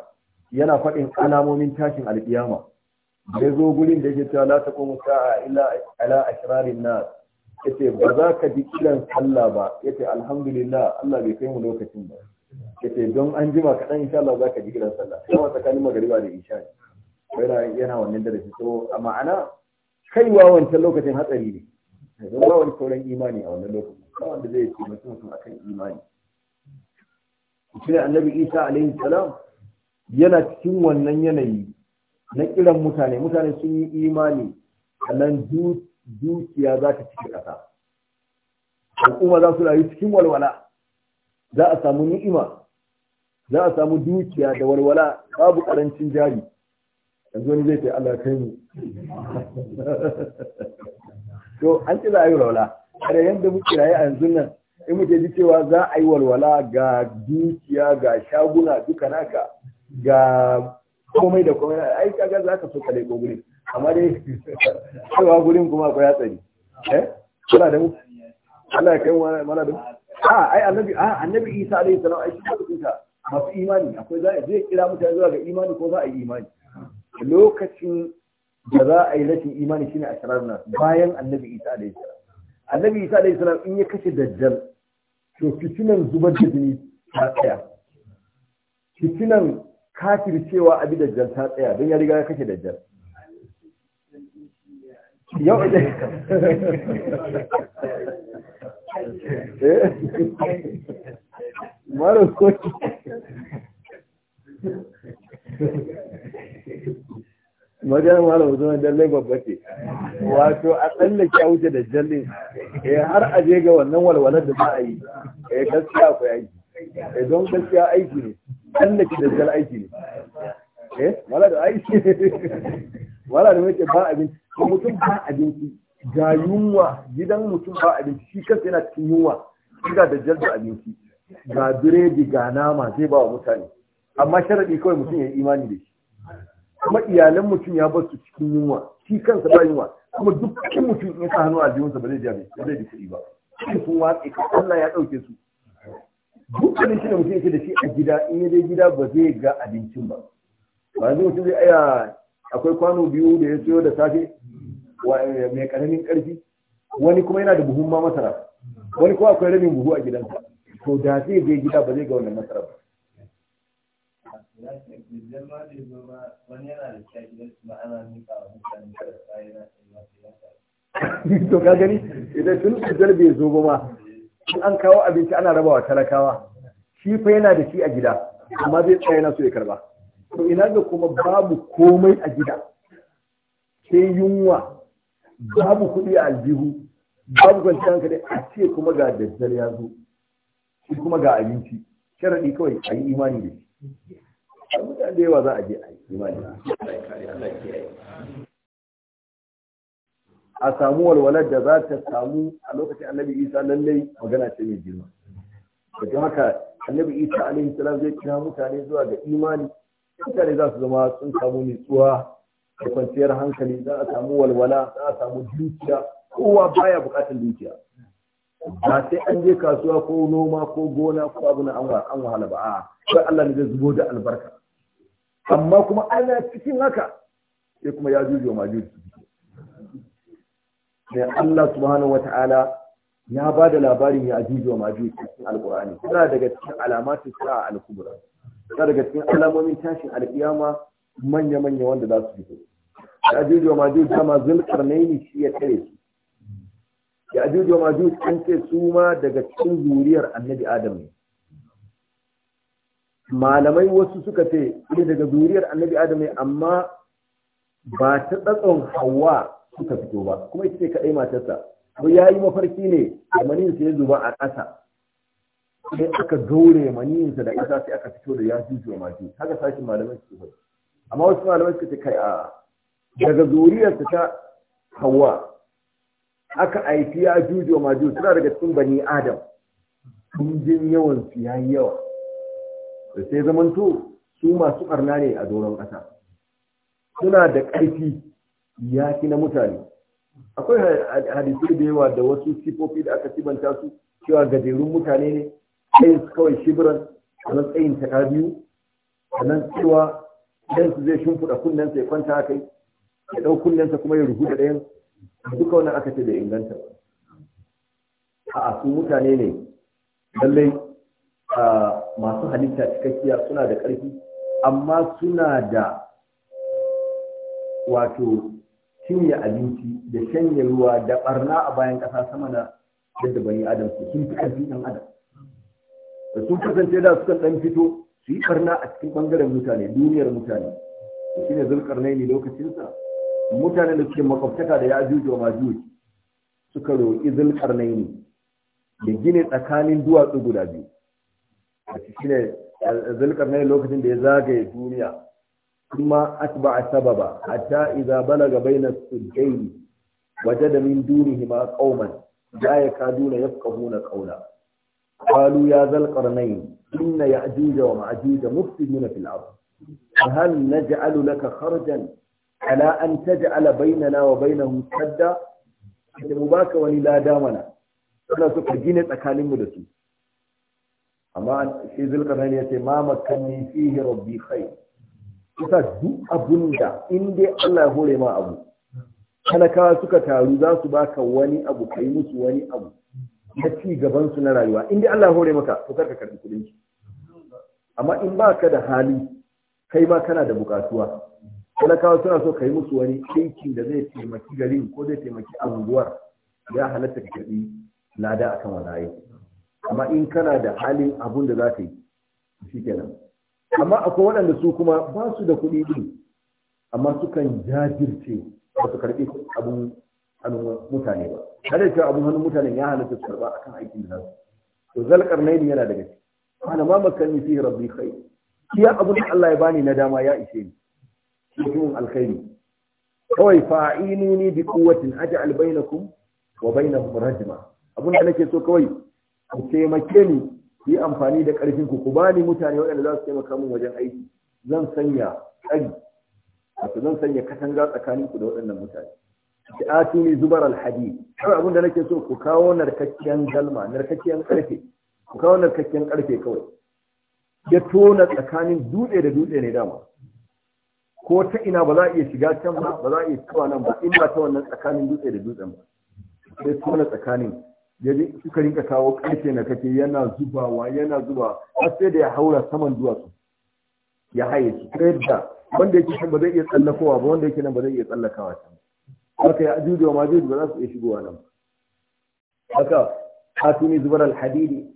Speaker 1: yana faɗin alamomin tashin alkiyama da zo gurin da yake cewa la taqumu sa'a illa ala ashrarin nas yace ba za ka ji kiran sallah ba yace alhamdulillah Allah bai kai mu lokacin ba yace don an jima kaɗan insha Allah za ka ji kiran sallah kuma tsakanin magariba da isha yana yana wannan darasi to a ma'ana kaiwa wancan lokacin hatsari ne don wani sauran imani a wannan lokaci ba wanda zai ce mutum mutum akan imani tuna annabi isa alaihi salam yana cikin wannan yanayi na kiran mutane mutane sun yi imani sannan dukiya za ta cike ƙasa al'umma za su rayu cikin walwala za a samu ni'ima za a samu dukiya da walwala babu ƙarancin jari yanzu wani zai ce Allah kai mu to an ci za a yi walwala a da yadda muke raye a yanzu nan in muke ji cewa za a yi walwala ga dukiya ga shaguna duka naka ga komai da komai ai kaga za ka so ka leko gurin amma dai cewa gurin kuma akwai hatsari eh kuna da mu Allah ya kai mu mana da mu a ai annabi a annabi Isa alayhi salam ai shi da masu imani akwai za a je kira mutane zuwa ga imani ko za a yi imani lokacin da za a yi rashin imani shine shirar nan bayan annabi isa alaihi salam annabi isa alaihi salam in ya kashe dajjal to fitinan zubar da jini ta tsaya fitinan kafir cewa abi dajjal ta tsaya don ya riga ya kashe dajjal
Speaker 2: yau idan eh? mara
Speaker 1: wajen wuzo na dalle babba ce wato a tsallake a wuce da jalle eh, har a je ga wannan walwalar da za a yi eh gaskiya akwai aiki ya eh, don gaskiya aiki ne tsallake da jalle aiki ne eh wala da aiki wala da mace ba abinci mutum ba abinci ga yunwa gidan mutum ba abinci shi kansa yana cikin yunwa ga da jalda abinci ga biredi ga nama zai ba wa mutane amma sharaɗi kawai mutum ya yi imani da shi kuma iyalan mutum ya bar su cikin yunwa shi kansa ba yunwa kuma dukkan mutum in sa hannu a jiyunsa ba zai ja ba zai kuɗi ba shi sun watsi Allah ya ɗauke su dukkanin shi da mutum yake da shi a gida in ya dai gida ba zai ga abincin ba ba zai mutum zai aya akwai kwano biyu da ya siyo da safe mai karamin karfi wani kuma yana da buhun ma masara wani kuma akwai rabin buhu a gidansa to da zai je gida ba zai ga wannan masara ba to ka gani idan tun kujar bai zo ba ma in an kawo abinci ana rabawa talakawa shi fa yana da shi a gida amma zai tsaye na so ya karba to ina ga kuma babu komai a gida sai yunwa babu kuɗi a aljihu babu kwanciyar hankali a ce kuma ga daddare ya zo shi kuma ga abinci sharaɗi kawai a yi imani da shi a samu walwalar da za ta samu a lokacin annabi isa lallai magana ce mai girma da haka annabi isa alayhi salam zai kira mutane zuwa ga imani mutane za su zama sun samu nutsuwa da kwanciyar hankali za a samu walwala za a samu dukiya kowa baya bukatar dukiya ba sai an je kasuwa ko noma ko gona ko abu na an wahala ba a sai Allah ne zai zubo da albarka amma kuma ana cikin haka sai kuma ya jujo ma jujo sai Allah subhanahu wata'ala ya ba da labarin ya jujo ma jujo cikin alqur'ani Kuna daga cikin alamatu sa'a al-kubra suna daga cikin alamomin tashin alkiyama manya-manya wanda za su fito ya jujo ma jujo dama zulkarnaini shi ya kare su ya ajuj wa majuj an ce su ma daga cikin zuriyar annabi adam ne malamai wasu suka ce ne daga zuriyar annabi adam ne amma ba ta tsatson hawa suka fito ba kuma ita ce kaɗai matarsa ko ya yi mafarki ne da maninsa ya zuba a ƙasa sai aka gaure maninsa da ƙasa sai aka fito da ya juju wa haka sashi malamai suke faɗi amma wasu malamai suka ce kai a daga zuriyarsa ta hawa aka aiki ya juji ma juju suna daga cikin bani adam kungin yawan su yi yawa da sai zamanto su masu barna ne a doron ƙasa suna da ƙarfi ya fi na mutane akwai hadisai da yawa da wasu sifofi da aka sibanta su cewa gajerun mutane ne tsayin su kawai shibiran nan tsayin ta biyu nan cewa ɗayan su zai shimfiɗa kunnensa ya kwanta a kai ya ɗau kunnensa kuma ya rubuta ɗayan duka wannan aka ce da inganta a'a su mutane ne lallai masu halitta cikakkiya suna da ƙarfi amma suna da wato cinye abinci da shanye ruwa da barna a bayan ƙasa sama da yadda bani adam su sun fi ƙarfi ɗan adam da sun kasance da sukan ɗan fito su yi barna a cikin ɓangaren mutane duniyar mutane shi ne zulƙarnai ne lokacinsa mutanen da suke makwabtaka da ya'juj wa majuj suka roƙi yini da gine tsakanin duwatsu guda biyu a cikin zulkarnaini lokacin da ya zagaye duniya kuma atba'a sababa hatta idza balaga bainas waje da min dunihima qauman la yakaduna yafqahuna qawla قالوا ya ذا القرنين إن يأجوج ومأجوج مفسدون في الأرض فهل نجعل لك خرجا ala an taj'ala bainana wa bainahum sadda da mu baka wani lada mana kana so ka gina tsakanin mu da su amma shi zulkarnain ya ce ma makanni fihi rabbi khair kusa duk abun da in dai Allah ya hore ma abu talakawa suka taru za su baka wani abu kai musu wani abu na ci gaban su na rayuwa in dai Allah ya hore maka to karka karbi kudin amma in baka da hali kai ma kana da bukatuwa talakawa suna so ka yi musu wani aiki da zai taimaki garin ko zai taimaki anguwar ya halatta ka karɓi lada a kan wani amma in kana da halin abun da za ka yi shi kenan amma akwai waɗanda su kuma ba su da kuɗi ɗin amma sukan jajirce ba su karɓi abun hannun mutane ba kada cewa abun hannun mutanen ya halatta su karɓa akan aikin da za su to zalƙar naini yana daga ciki ana ma makan fi rabbi kai iya abun Allah ya bani na dama ya ishe ni cikin alkhairi kawai fa'inuni bi kuwatin aj'al bainakum wa bainahum rajma abun da nake so kawai ku taimake ni yi amfani da karfin ku ku bani mutane waɗanda za su taimaka min wajen aiki zan sanya tsari wato zan sanya katanga tsakanin ku da waɗannan mutane ki atuni zubar alhadi kawai abun da nake so ku kawo narkakkiyan galma narkakkiyan karfe ku kawo narkakkiyan karfe kawai ya tona tsakanin dutse da dutse ne dama ko ta ina ba za a iya shiga can ba ba za a iya cewa nan ba in ba ta wannan tsakanin dutse da dutsen ba sai tona tsakanin ya ji suka rinka kawo ƙarfe na kake yana zubawa yana zuba har sai da ya haura saman duwatsu ya haye shi ta yadda wanda yake can ba zai iya tsallakowa ba wanda yake nan ba zai iya tsallakawa can haka ya ajuju wa majuju ba za su iya shigowa nan haka hatuni zubar alhadidi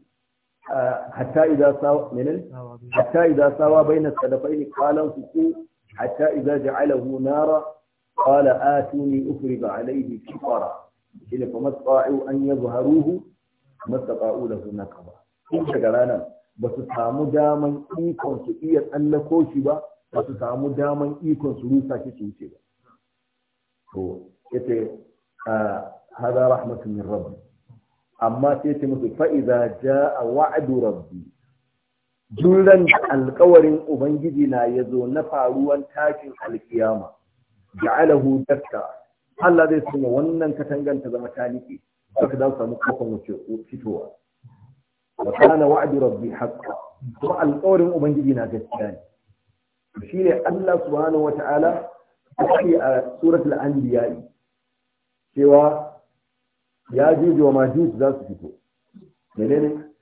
Speaker 1: hatta idza sawa menene hatta idza sawa baina sadafaini qalan ku hatta idza ja'alahu nara qala atuni ufriga alayhi kifara shine fa masta'u an yadhharuhu masta'u lahu nakaba in daga ranar ba su samu daman ikon su iya tsallako shi ba ba su samu daman ikon su rusa shi su wuce ba to yace hada rahmatun min rabbi amma sai ce musu fa idza jaa wa'du rabbi duran da alkawarin ubangiji na ya zo na faruwan takin alkiyama ja'alahu dakka Allah zai sanya wannan katangan ta zama taliki haka za su samu kofin wuce fitowa wa kana wa'di rabbi haqqa kuma alkawarin ubangiji na gaskiya ne shine Allah subhanahu wata'ala yake a suratul anbiya cewa ya juju wa majus za su fito menene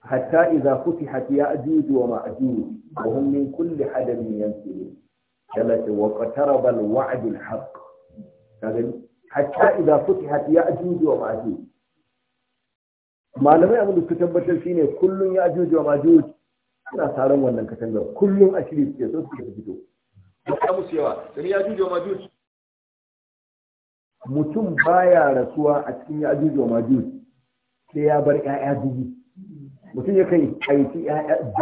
Speaker 1: hatta idza futihat ya'juj wa wa hum min kulli hadabin yansilun kallati wa qataraba al-wa'd al-haqq kaga hatta idza wa ma'juj malamai abin da su tabbatar shine kullun ya'juj wa ma'juj suna taron wannan katangar kullun a shiri suke so su fito mutum baya rasuwa a cikin ya'juj wa ma'juj sai ya bar 'ya'ya dubu mutum ya kai aiki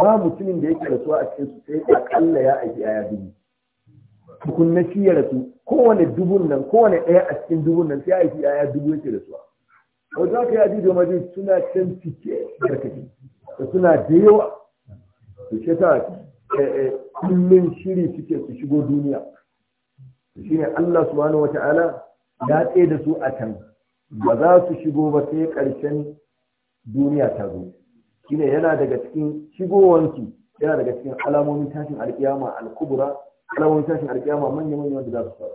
Speaker 1: ba mutumin da yake rasuwa a cikin su sai akalla ya aiki yaya dubu tukunna shi ya rasu kowane dubun nan kowane ɗaya a cikin dubun nan sai aiki yaya dubu yake rasuwa wajen aka ya ji da maji suna can cike barkaci da suna da yawa su ce ta kullum shiri suke su shigo duniya shi ne Allah subhanahu wata'ala ya tsaye da su a can ba za su shigo ba sai ƙarshen duniya ta zo shine yana daga cikin shigowanki yana daga cikin alamomin tashin alkiyama al-kubra alamomin tashin alkiyama manya manya wanda za su faru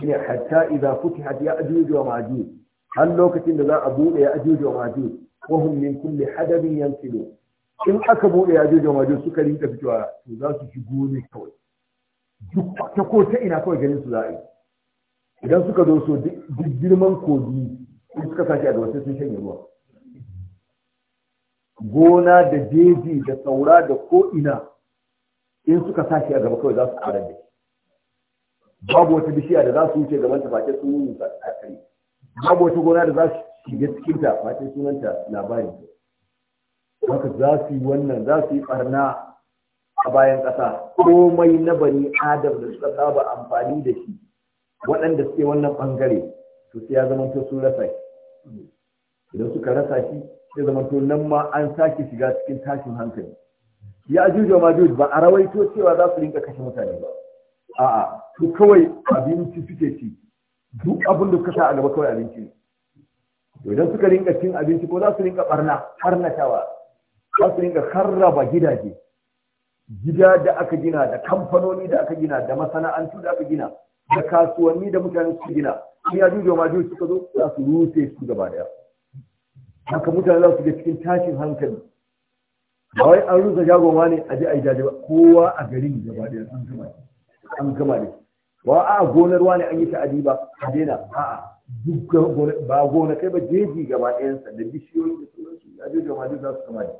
Speaker 1: shine hatta idza futihat ya'juj wa ma'juj har lokacin da za a bude ya'juj wa ma'juj wa hum min kulli hadabin yansilu in aka bude ya'juj wa ma'juj suka rinka fitowa to za su shigo ne kawai duk ta ko ta ina kawai ganin su za a yi idan suka zo so duk girman kogi suka sashi a gaba sai sun shanye ruwa gona da jeji da saura da ko'ina in suka sashi a gaba kawai za su ƙarar da babu wata bishiya da za su wuce gaban tafakin sun yi tsakari babu wata gona da za su shiga cikin ta face sunanta labari haka za su yi wannan za su yi ɓarna a bayan ƙasa komai na bani adam da suka saba amfani da shi waɗanda suke wannan ɓangare to sai ya zama sun rasa shi idan suka rasa shi ya zama to nan ma an sake shiga cikin tashin hankali ya juju ma juju ba a rawaito cewa za su rinka kashe mutane ba a'a su kawai abinci suke ci duk abin da suka sa a gaba kawai abinci to idan suka rinka cin abinci ko za su rinka barna harnatawa za su rinka harraba gidaje gida da aka gina da kamfanoni da aka gina da masana'antu da aka gina da kasuwanni da mutane suka gina in ya juju ma juju suka zo za su rute su gaba daya haka mutane za su ga cikin tashin hankali ba wai an rusa jagoma ne a ji a yi jaje ba kowa a garin gaba da an gama an gama ne ba a gonar wani an yi ta'adi ba a daina a'a duk ba gona kai ba jeji gaba ɗayansa da bishiyoyi da sauransu ya je gaba duk za su gama ne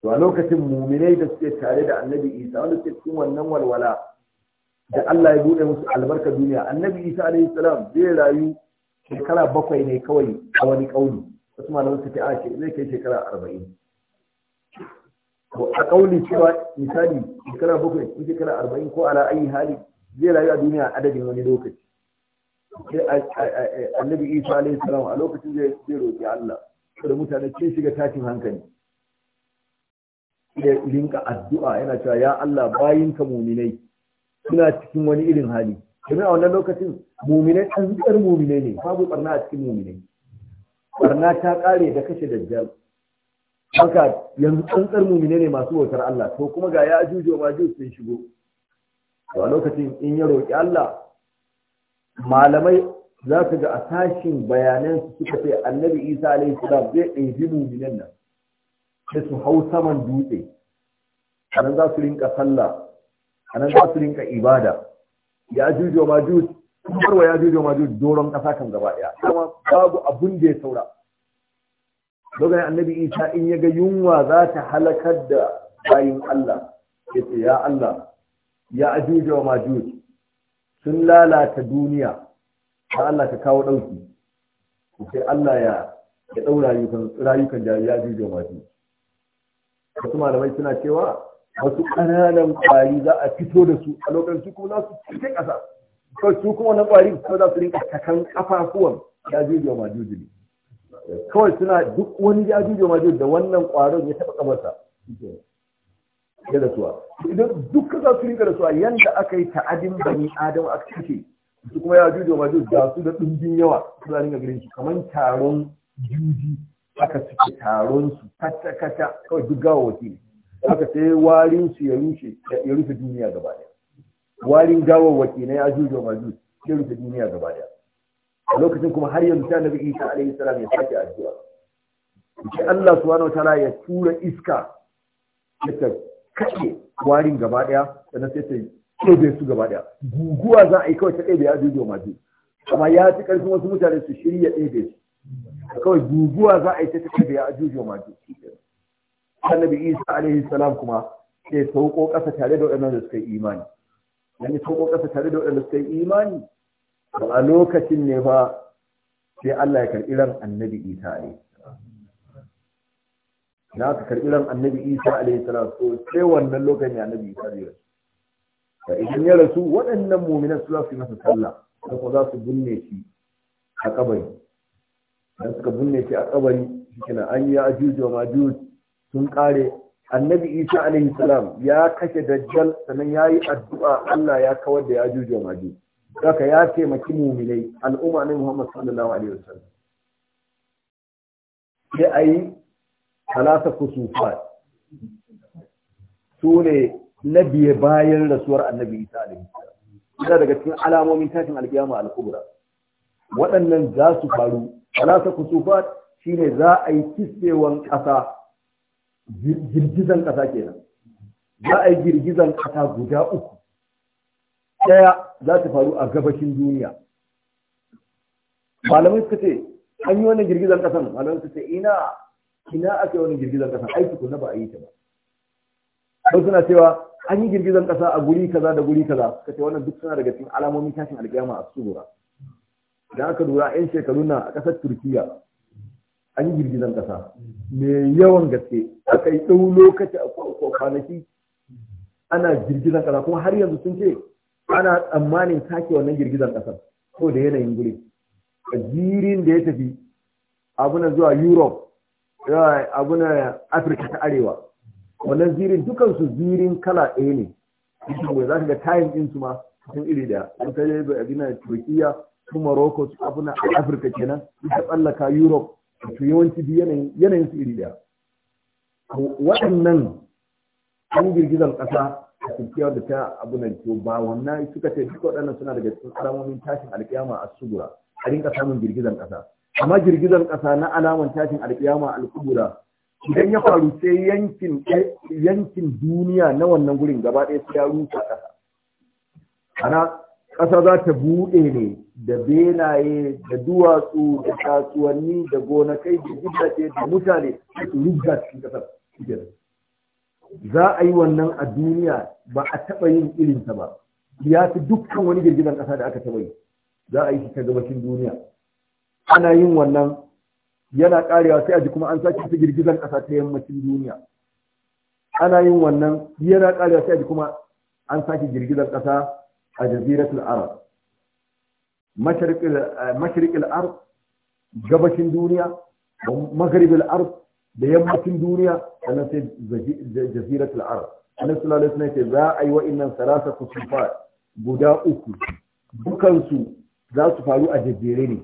Speaker 1: to a lokacin muminai da suke tare da annabi isa wanda suke cikin wannan walwala da Allah ya buɗe musu albarka duniya annabi isa alaihi salam zai rayu shekara bakwai ne kawai a wani ƙauye. wasu malaman suke a zai kai shekara arba'in a kauli cewa misali shekara bakwai ko shekara arba'in ko ala ayi hali zai rayu a duniya adadin wani lokaci sai annabi isa alaihi salam a lokacin zai roƙi allah da mutane sun shiga tashin hankali ya rinka addu'a yana cewa ya allah ka muminai suna cikin wani irin hali domin a wannan lokacin muminai an muminai ne babu ɓarna a cikin muminai barna ta kare da kashe dajjal haka yanzu tsantsar mumine ne masu bautar Allah to kuma ga ya ajujo ma sun shigo to a lokacin in ya roƙi Allah malamai za su ga a sashin bayanan su suka ce annabi Isa alaihi salam zai ɗebi muminan nan sai su hau saman dutse anan za su rinka sallah anan za su rinka ibada ya ajujo ma kamar wa ya juju ma doron ƙasa kan gaba ɗaya kuma babu abun da ya saura lokacin annabi isa in ya ga yunwa za ta halakar da bayin allah ya ce ya allah ya wa sun lalata duniya ta allah ka kawo ɗauki sai allah ya ya ɗau rayukan da ya juju wa wasu malamai suna cewa wasu ƙananan ƙwari za a fito da su a lokacin su kuma za su cike ƙasa kawai su kuma na ƙwari ko za su rinka takan kafafuwan ya wa ma ne kawai suna duk wani ya juju ma juju da wannan ƙwaron ya taɓa kamarsa ya suwa idan duk za su rinka suwa yanda aka yi ta'adin bani adam aka kake su kuma ya juju ma juju da su da ɗumbin yawa za rinka ganin su kamar taron juji aka suke taron su kata kata kawai duk gawa wakili aka sai warin su ya rushe ya rufe duniya gaba ɗaya warin gawawwaki na yajuj wa majuj ke rufe duniya gaba daya a lokacin kuma har yanzu sai nabi Isa alaihi salam ya sake addu'a shi Allah subhanahu wataala ya tura iska ta kashe warin gaba daya sannan sai ta ɗebe su gaba daya guguwa za a yi kawai ta ɗebe yajuj wa majuj amma ya fi ƙarfin wasu mutane su shirya ɗebe su kawai guguwa za a yi ta tafi da ajuju ma annabi isa alaihi salam kuma sai sauko kasa tare da waɗannan da suka yi imani dan ya sauko kasa tare da waɗanda suka yi imani Ba a lokacin ne ba, sai Allah ya karɓi ran annabi Isa alaihi na ka karɓi ran annabi Isa alaihi salam so sai wannan lokacin ya annabi Isa zai rasu da idan ya rasu waɗannan mu'minan su za su yi masa sallah ko kuma za su binne shi a kabari dan suka binne shi a kabari shi an yi ajuju wa majuj sun kare annabi isa alayhi salam ya kashe dajjal sannan ya yi addu'a allah ya kawar da ya juju maji haka ya taimaki muminai al'umma ne muhammad sallallahu alaihi wasallam sai a yi kusufa su ne na biye bayan rasuwar annabi isa alayhi salam yana daga cikin alamomin tashin alkiyama al-kubra waɗannan za su faru talata kusufa shine za a yi kissewan ƙasa girgizan ƙasa kenan za a yi girgizan ƙasa guda uku ɗaya za ta faru a gabashin duniya malamai suka ce an yi wani girgizan ƙasan malamai suka ce ina ina aka yi wani girgizan ƙasan aiki na ba a yi ta ba don suna cewa an yi girgizan ƙasa a guri kaza da guri kaza suka ce wannan duk suna daga cikin alamomin tashin alƙiyama a subura da aka lura yan shekarun na a ƙasar turkiya an yi girgizan kasa, mai yawan gaske aka yi ɗau lokaci a kwanaki ana girgizan kasa, kuma har yanzu sun ce ana tsammanin sake wannan girgizan kasa, ko da yanayin guri jirin da ya tafi abuna zuwa europe abuna afirka ta arewa wannan zirin dukansu zirin kala ɗaya ne kuma za ka ga tayin din su ma sun iri da an kai abina turkiya su morocco su abuna afirka kenan su tsallaka europe to yawanci bi yanayin su iri daya waɗannan an girgizar ƙasa a cikin da ta abu nan to ba wannan suka ce duk waɗannan suna daga cikin alamomin tashin alƙiyama a sugura a rinka samun girgizar ƙasa amma girgizar ƙasa na alaman tashin alƙiyama a kubura idan ya faru sai yankin yankin duniya na wannan gurin gaba ɗaya sai ya rusa ƙasa ana ƙasa za ta buɗe ne da benaye da duwatsu da kasuwanni da gonakai da gidaje da mutane su rubga cikin ƙasar za a yi wannan a duniya ba a taɓa yin irinta ba ya fi dukkan wani girgizan ƙasa da aka taɓa yi za a yi shi ta gabashin duniya ana yin wannan yana ƙarewa sai a ji kuma an sake ta girgizan ƙasa ta yammacin duniya ana yin wannan yana ƙarewa sai a ji kuma an sake girgizan ƙasa a jaziratul arab ar eh, arab gabashin duniya da magharibin arab da yammacin duniya sannan sai jaziratul arab annabi sallallahu alaihi wasallam ce za a yi wa'annan salasa kusufa guda uku dukansu za su faru a jajjere ne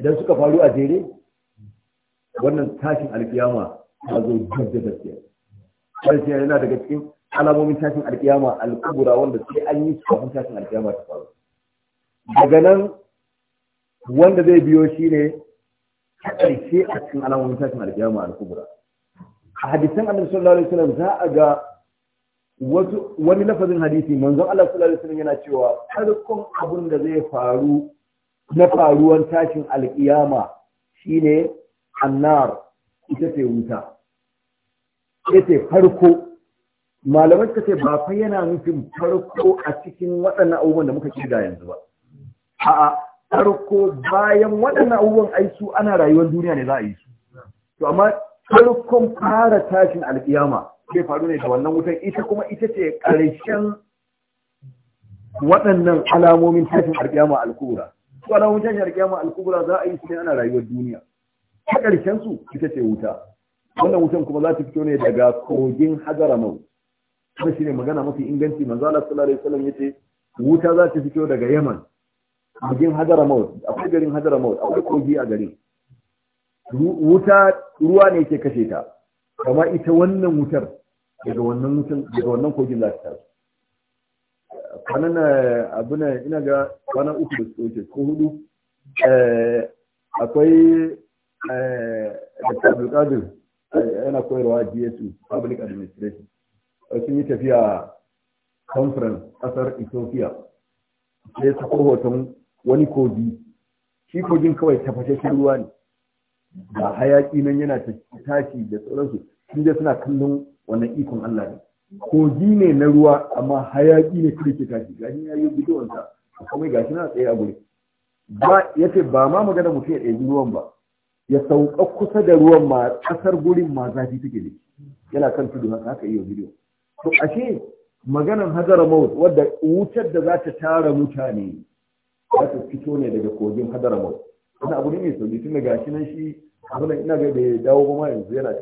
Speaker 1: idan suka faru a jere wannan tashin alkiyama ta zo gaskiya gaskiya yana daga cikin alamomin tashin alkiyama alkubura wanda sai an yi kafin tashin alkiyama ta faru daga nan wanda zai biyo shi ne ta ƙarshe a cikin alamomin tashin alkiyama alkubura a hadisan annabi sallallahu alaihi wasallam za a ga wasu wani lafazin hadisi manzon Allah sallallahu alaihi wasallam yana cewa farkon abin da zai faru na faruwan tashin alkiyama shine annar ita ce wuta ita ce farko malamai suka ce ba fa yana nufin farko a cikin waɗannan abubuwan da muka kira yanzu ba a'a farko bayan waɗannan abubuwan aisu ana rayuwar duniya ne za a yi su to amma farkon fara tashin alƙiyama zai faru ne da wannan wutan ita kuma ita ce ƙarshen waɗannan alamomin tashin alƙiyama alkubura su alamomin tashin alƙiyama alkubura za a yi su ne ana rayuwar duniya ta ƙarshen su ita ce wuta wannan wutan kuma za ta fito ne daga kogin hadaramau kuma shine magana mafi inganci manzo Allah sallallahu alaihi wasallam yace wuta za ta fito daga Yaman cikin Hadramaut akwai garin Hadramaut akwai kogi a garin wuta ruwa ne ke kashe ta kama ita wannan wutar daga wannan mutum daga wannan kogin za ta tashi kwanan abuna ina ga kwanan uku da suke ko hudu eh, akwai eh, da Abdulkadir eh, yana koyarwa DSU Public Administration sun yi tafiya conference kasar ethiopia sai ta hoton wani kogi shi kogin kawai tafashashen ruwa ne ga hayaki nan yana tashi da sauransu sun je suna kallon wannan ikon Allah ne kogi ne na ruwa amma hayaki ne kuma ke tashi Gani ya yi bidiyonsa kuma shi na tsaye a guri ba ya ce ba ma magana mutum ya ɗaya ruwan ba ya sauka kusa da ruwan ma ƙasar gurin ma zafi take ne yana kan tudu haka haka iya bidiyon to ashe maganar hadara maut wadda wutar da za ta tara mutane za ta fito ne daga kogin hadara maut wani abu ne mai sauki tun da gashi nan shi abin ina ga da ya dawo ba ma yanzu yana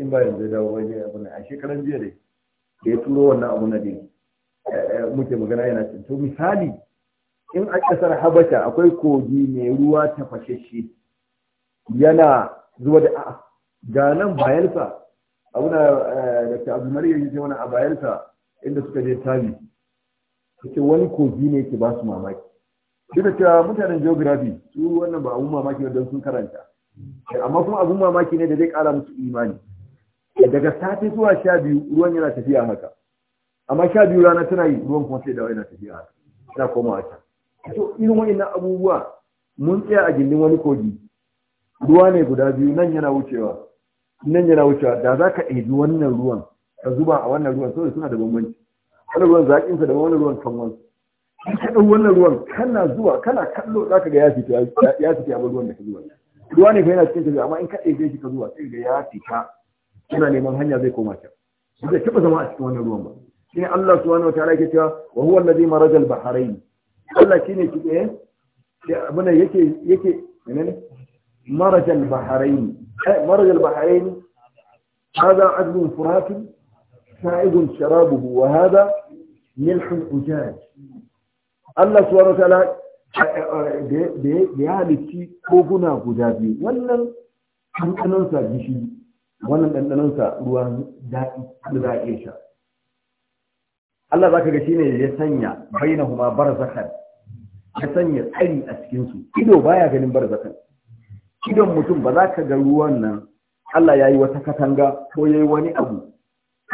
Speaker 1: in ba yanzu ya dawo ba ya abin a shekaran jiya dai da ya turo wannan abu na dai eh, eh, muke magana yana cin to misali in a kasar habasha akwai kogi mai ruwa shi. yana zuwa da a'a ga nan bayelsa abu da eh, dr abdulmari ya ce wani a bayansa inda suka je tabi ce wani kogi ne ke ba su mamaki duk da cewa mutanen geography su wannan ba abun mamaki ba don sun karanta eh, amma kuma abun mamaki ne da zai kara musu imani eh, daga sati zuwa sha biyu ruwan yana tafiya haka amma sha biyu rana tana yi ruwan kuma sai da yana tafiya haka tana komawa can to irin wa'annan abubuwa mun tsaya a gindin wani kogi ruwa ne guda biyu nan yana wucewa nan yana wucewa da za ka ɗebi wannan ruwan ka zuba a wannan ruwan saboda suna da bambanci wannan ruwan zaƙinsa da wannan ruwan kanwan in ka ɗau wannan ruwan kana zuwa kana kallo za ka ga ya fita ya fita abin ruwan da ka zuba ruwa ne ka yana cikin tafiya amma in ka ɗebe shi ka zuwa sai ga ya fita yana neman hanya zai koma can ba zai taɓa zama a cikin wannan ruwan ba shi ne Allah subhanahu wataala yake cewa wa huwa allazi marajal bahrain Allah shine ki eh abin yake yake menene marajal bahrain مرج البحرين هذا عدل فرات سائد شرابه وهذا ملح أجاج الله سبحانه وتعالى da ya halitti kofuna guda biyu wannan ɗanɗanansa gishiri wannan ɗanɗanansa ruwa a sha Allah za ka ga ne ya sanya bainahuma barzakan ya sanya tsari a cikinsu ido baya ganin barzakan idan mutum ba za ka ga ruwan nan Allah ya yi wata katanga ko ya yi wani abu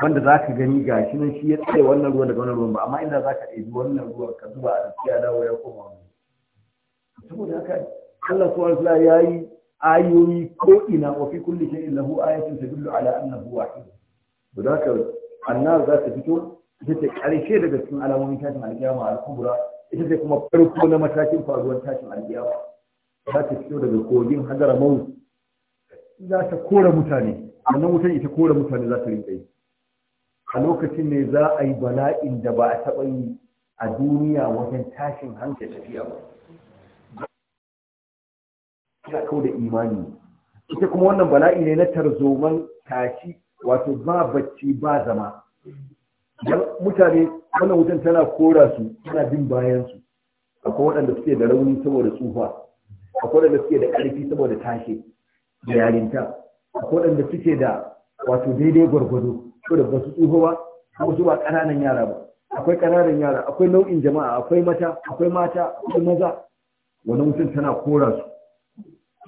Speaker 1: wanda za ka gani ga shi nan shi ya tsaye wannan ruwan daga wannan ruwan ba amma inda za ka ɗebi wannan ruwan ka zuba a tsakiya dawo ya koma wani saboda haka Allah ya yi ayoyi ko ina wa fi kulli shay'in lahu ayatun tadullu ala annahu wahid Ba za ka annar za ta fito ita ce karshe daga cikin alamomin tashin alƙiyama al-kubra ita ce kuma farko na matakin faruwar tashin alƙiyama. za ta fito daga kogin hagara mau za ta kora mutane wannan wutan ita kora mutane za ta rinka yi a lokacin ne za a yi bala'in da ba a taɓa yi a duniya wajen tashin hankali tafiya ba ya kau da imani ita kuma wannan bala'i ne na tarzoman tashi wato ba bacci ba zama mutane wannan wutan tana kora su tana bin bayan su akwai waɗanda suke da rauni saboda tsufa akwai wanda suke da ƙarfi saboda tashi da yarinta akwai wanda suke da wato daidai gwargwado ko da basu tsoho ba ko su ba ƙananan yara ba akwai ƙananan yara akwai nau'in jama'a akwai mata akwai mata akwai maza wani mutum tana kora su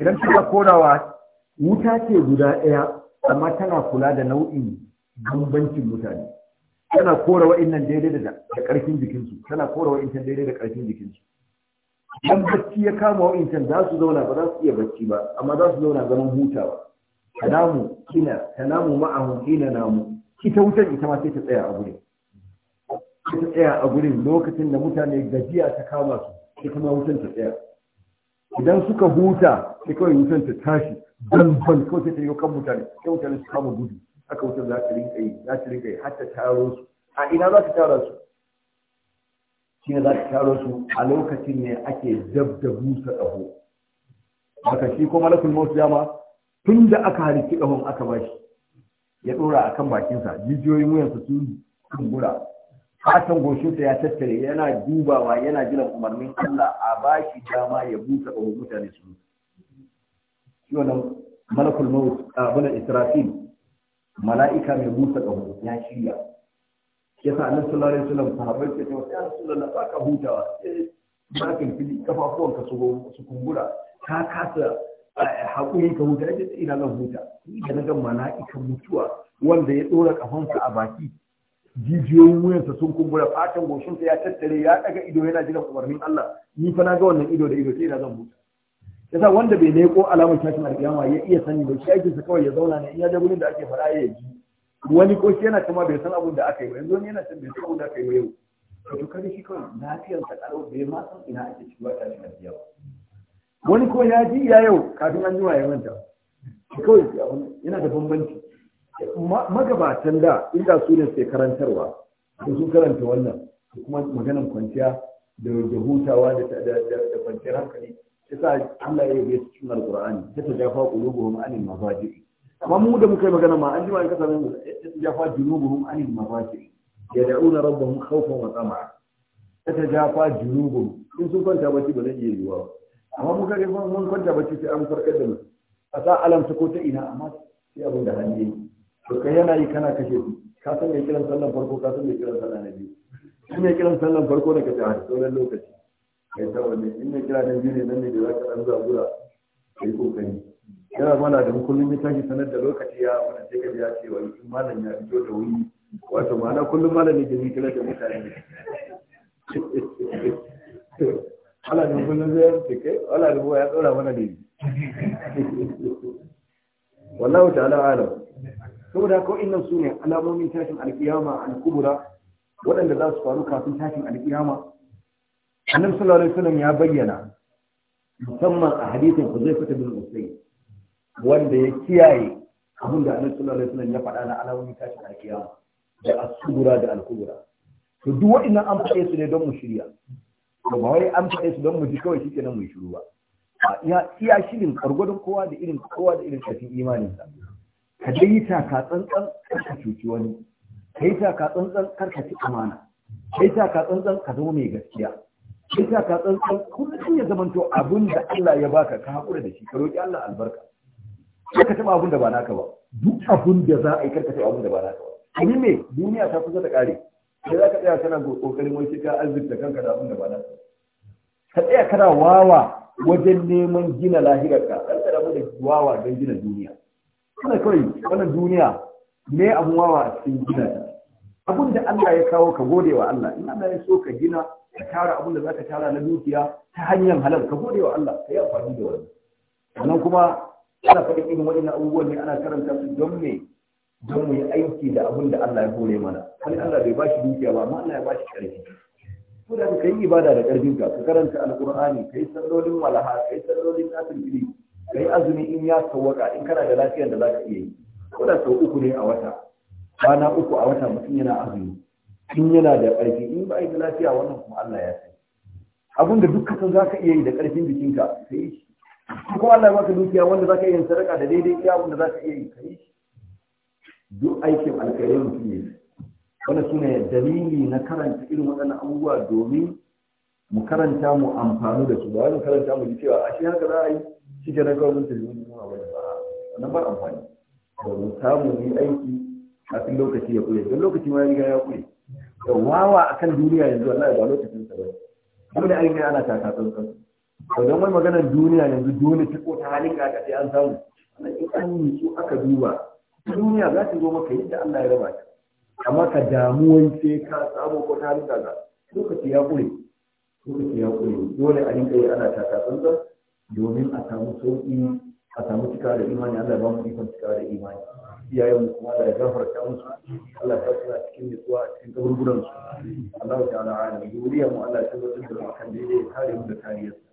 Speaker 1: idan tana korawa wuta ce guda ɗaya amma tana kula da nau'in bambancin mutane tana kora wa'innan daidai da ƙarfin jikinsu tana kora wa'innan daidai da ƙarfin jikinsu dan bacci ya kama wa'incan za su zauna ba za su iya bacci ba amma za su zauna zaman hutawa kalamu kina kalamu ma'ahu kina namu ita wutar ita ma sai ta tsaya a gurin sai ta tsaya a gurin lokacin da mutane gajiya ta kama su ita ma wutar ta tsaya idan suka huta sai kawai wutar ta tashi ban ban ko ta yi kan mutane sai mutane su kama gudu haka wutar za ta rinka yi za ta rinka yi har ta taro su a ina za ta tara su shi za ka taro su a lokacin ne ake dab da busa ƙaho haka shi ko malakul mautu dama tun da aka halitti ɗahon aka bashi ya ɗora a kan bakinsa jijiyoyin wuyansa sun kumbura fatan goshinsa ya tattare yana dubawa yana jiran umarnin Allah a bashi dama ya busa ɗaho mutane su shi wannan malakul mautu abin israfil mala'ika mai busa ƙaho ya shirya Yasa sa annabi sallallahu alaihi wasallam sahabbai ke cewa ya rasulullah ba ka hutawa Eh ba ka fili kafafuwan ka su kumbura ka kasa eh, hakuri ka huta ya ce ina zan huta da na ga mala'ikan mutuwa wanda ya ɗora kafansa a baki jijiyoyin wuyansa sun kumbura fatan goshinsa ya tattare ya daga ido yana jiran umarnin Allah ni fa na ga wannan ido da ido sai ina zan huta yasa wanda bai neko alamar tashin alƙiyama ya iya sani ba shi aikinsa kawai ya zauna ne in ya je gurin da ake faɗa ya ji wani ko yana kama bai san abin da aka yi ba yanzu wani yana san bai san abin da aka yi ba yau to kare shi kawai lafiyar sa karo bai ma san ina ake ciwa ta da lafiya ba wani ko ya ji ya yau kafin an jima ya manta kawai yana da bambanci magabatan da inda su ne sai karantarwa da sun karanta wannan kuma maganan kwanciya da hutawa da kwanciyar hankali sai Allah ya yi cikin alqur'ani ta jafa qulubuhum anil mazaji'i amma mu da muka yi magana ma an ji ma in kasa mu jafa junubuhum anil mawaqi yad'una rabbahum khawfan wa tama'a tatajafa junubuhum in sun kwanta bacci ba zai iya yiwuwa ba amma mun kage mun kwanta bacci sai an farkar da mu a sa alam ta ko ta ina amma sai abin da hanji to kai yana yi kana kashe su ka san mai kiran sallan farko ka san mai kiran sallan na biyu in mai kiran sallan farko da ka ta ah, har sauran lokaci kai ta wani in mai kira na biyu ne nan ne da za ka ɗan zabura kai ko kokari yana mana da kullum ya tashi sanar da lokaci ya wani jikin ya ce wa in malam ya fito da wuri wato ma'ana kullum malam ne jini kira da mutane ala da kullum zai yanke kai ala da ya tsora mana ne wallahu ta'ala alam saboda ko innan su ne alamomin tashin alkiyama al-kubra waɗanda za su faru kafin tashin alkiyama annabi sallallahu alaihi wasallam ya bayyana musamman a hadisin Huzaifa bin Usayd wanda ya kiyaye abin da annabi sallallahu alaihi wasallam ya faɗa na alawi tashi a kiyama da asubura da alkubura to duk waɗannan an faɗe su ne don mu shirya to ba wai an faɗe su don mu ji kawai shi kenan mu shiru ba iya iya shirin kargodon kowa da irin kowa da irin kafin imanin sa ka dai yi taka tsantsan kar ka cuci wani ka yi taka tsantsan kar ka ci amana ka yi taka tsantsan ka zama mai gaskiya ka yi taka tsantsan kullum ya zamanto abin da Allah ya baka ka haƙura da shi ka roƙi Allah albarka ka taɓa abin da ba naka ba duk abin da za a yi karkace taɓa abin da ba naka ba ni me duniya ta kusa ta ƙare sai za ka tsaya kana kokarin wai ka da kanka da abin da ba naka ka tsaya kana wawa wajen neman gina ka, ɗan tsara da wawa don gina duniya Kana kawai wannan duniya ne abin wawa a cikin gina ta abin da Allah ya kawo ka gode wa Allah in Allah ya so ka gina ka tara abin da za ka tara na dukiya ta hanyar halal ka gode wa Allah ka yi amfani da wannan sannan kuma ana faɗin irin waɗannan abubuwan ne ana karanta su don me don mu yi aiki da abin da Allah ya hore mana wani Allah bai ba shi dukiya ba amma Allah ya bashi ƙarfi ko da ka yi ibada da ƙarfin ka ka karanta alƙur'ani ka yi sallolin walaha, ka yi sallolin asibiti ka yi azumi in ya sawwaka in kana da lafiyar da za ka iya yi ko da sau uku ne a wata kwana uku a wata mutum yana azumi in yana da ƙarfi in ba yi da lafiya wannan kuma Allah ya sani abin da duk za ka iya yi da ƙarfin jikinka ka yi shi ko Allah ya baka dukiya wanda zaka iya sadaka da daidai iya wanda zaka iya yi kai duk aikin alkhairai mutum ne wannan sune dalili na karanta irin waɗannan abubuwa domin mu karanta mu amfanu da su ba mu karanta mu ji cewa ashe haka za a yi shi ke nan kawai mun tafi mun nuna ba wannan ba amfani Ba mu samu yi aiki kafin lokaci ya kure don lokaci ma ya riga ya kure da wawa akan duniya yanzu Allah ya ba lokacin sa ba dole an yi ana taka tsantsan idan wai maganar duniya yanzu dole ta ko ta halin sai an samu wannan in an yi su aka duba duniya za ta zo maka yadda Allah ya raba ta amma ka damu wai sai ka samu ko ta halin ka lokaci ya kure lokaci ya kure dole a rinka yi ana taka tsantsan domin a samu sauƙi, a samu cika da imani Allah ya ba mu ikon cika da imani iyayen mu kuma ya gafarta musu Allah ya sa cikin nutsuwa a cikin kaburburan su Allah ta'ala alamin duniya mu Allah ya tabbatar da mu kan daidai kare mu da kariyarsa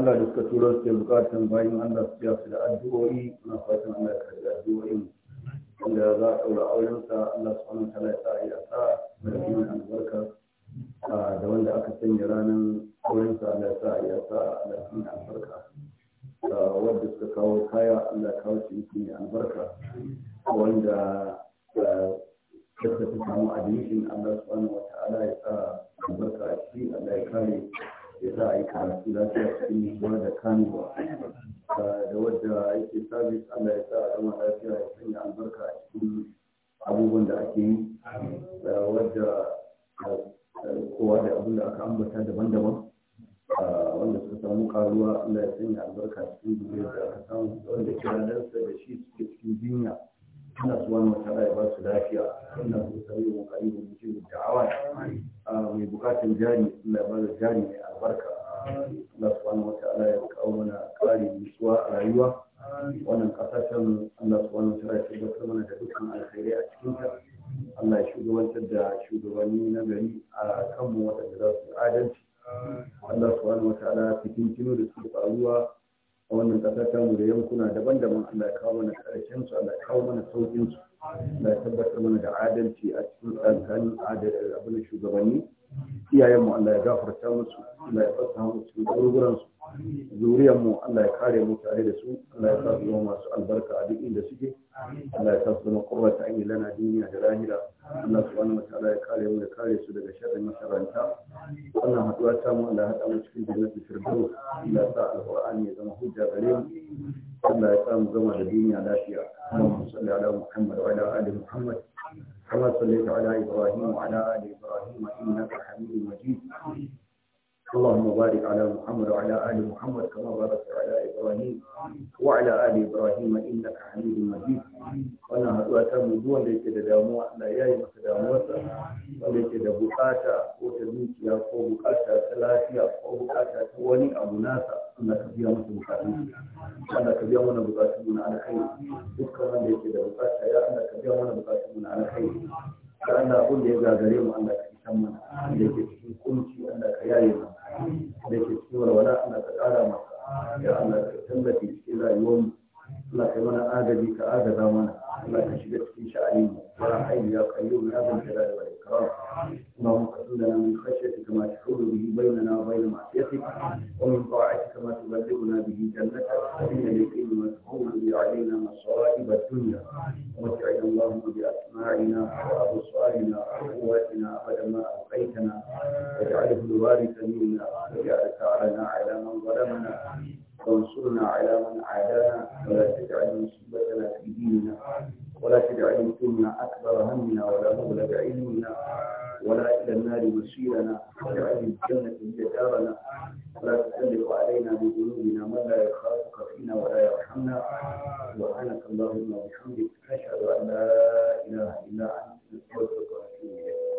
Speaker 1: Allah da suka turo su ke bukatan bayan Allah su ya su da
Speaker 2: addu'o'i muna fatan Allah ya karbi addu'o'in wanda za a ɗaura aurensa Allah subhanahu wa ta'ala ya sa ya sa da albarka da wanda aka
Speaker 1: mana saukin su da tabbatar mana da adalci a cikin tsakanin abin shugabanni iyayen mu Allah ya gafarta musu Allah ya mu cikin garuruwan su zuriyar mu Allah ya kare mu tare da su Allah ya sa su zama masu albarka a duk inda suke Allah ya sa su zama qurrata ayni lana duniya da lahira Allah subhanahu wa ta'ala ya kare mu da kare su daga sharrin masaranta. wannan haduwa ta mu Allah ya hada mu cikin jannatul firdaus Allah ya sa alqur'ani ya zama hujja gare mu Allah ya sa mu zama da duniya lafiya Allahumma salli ala Muhammad wa ala ali Muhammad كما صليت على إبراهيم وعلى آل إبراهيم إنك حميد مجيد اللهم بارك على محمد وعلى آل محمد كما باركت على إبراهيم وعلى آل إبراهيم إنك حميد مجيد wannan haɗuwa ta mu duk wanda yake da damuwa Allah ya masa damuwarsa wanda yake da bukata ko ta zuciya ko bukata ta lafiya ko bukata ta wani abu nasa ka biya masa bukatun Allah ka biya mana bukatun mu na alkhairi dukkan wanda yake da bukata ya da ya gagare mu Allah ka musamman da ke cikin kunci Allah ka yaye mu da ke cikin walwala Allah ka ƙara masa ya Allah ka tallafi cikin rayuwar Allah ka mana agaji ka agaza mana Allah ka shiga cikin sha'ani mu wala hayyu ya qayyum ya zal da wal اللهم اللهم لنا من خشيتك ما تحول به بيننا وبين معصيتك ومن طاعتك ما تبلغنا به جنتك ومن اليقين ما تقوم به علينا مصائب الدنيا ومتعنا اللهم بأسماعنا
Speaker 2: وأبصارنا وقواتنا أبدا ما أبقيتنا واجعله الوارث منا واجعل ثارنا على من ظلمنا وانصرنا على من عادانا ولا تجعل مصيبتنا في ديننا ولا تدع همنا أكبر همنا ولا
Speaker 1: مبلغ علمنا ولا إلى النار مصيرنا واجعل الجنة هي دارنا
Speaker 2: ولا تسلط علينا بذنوبنا من لا يخافك فينا ولا يرحمنا سبحانك اللهم وبحمدك نشهد أن لا إله إلا أنت نستغفرك ونتوب إليك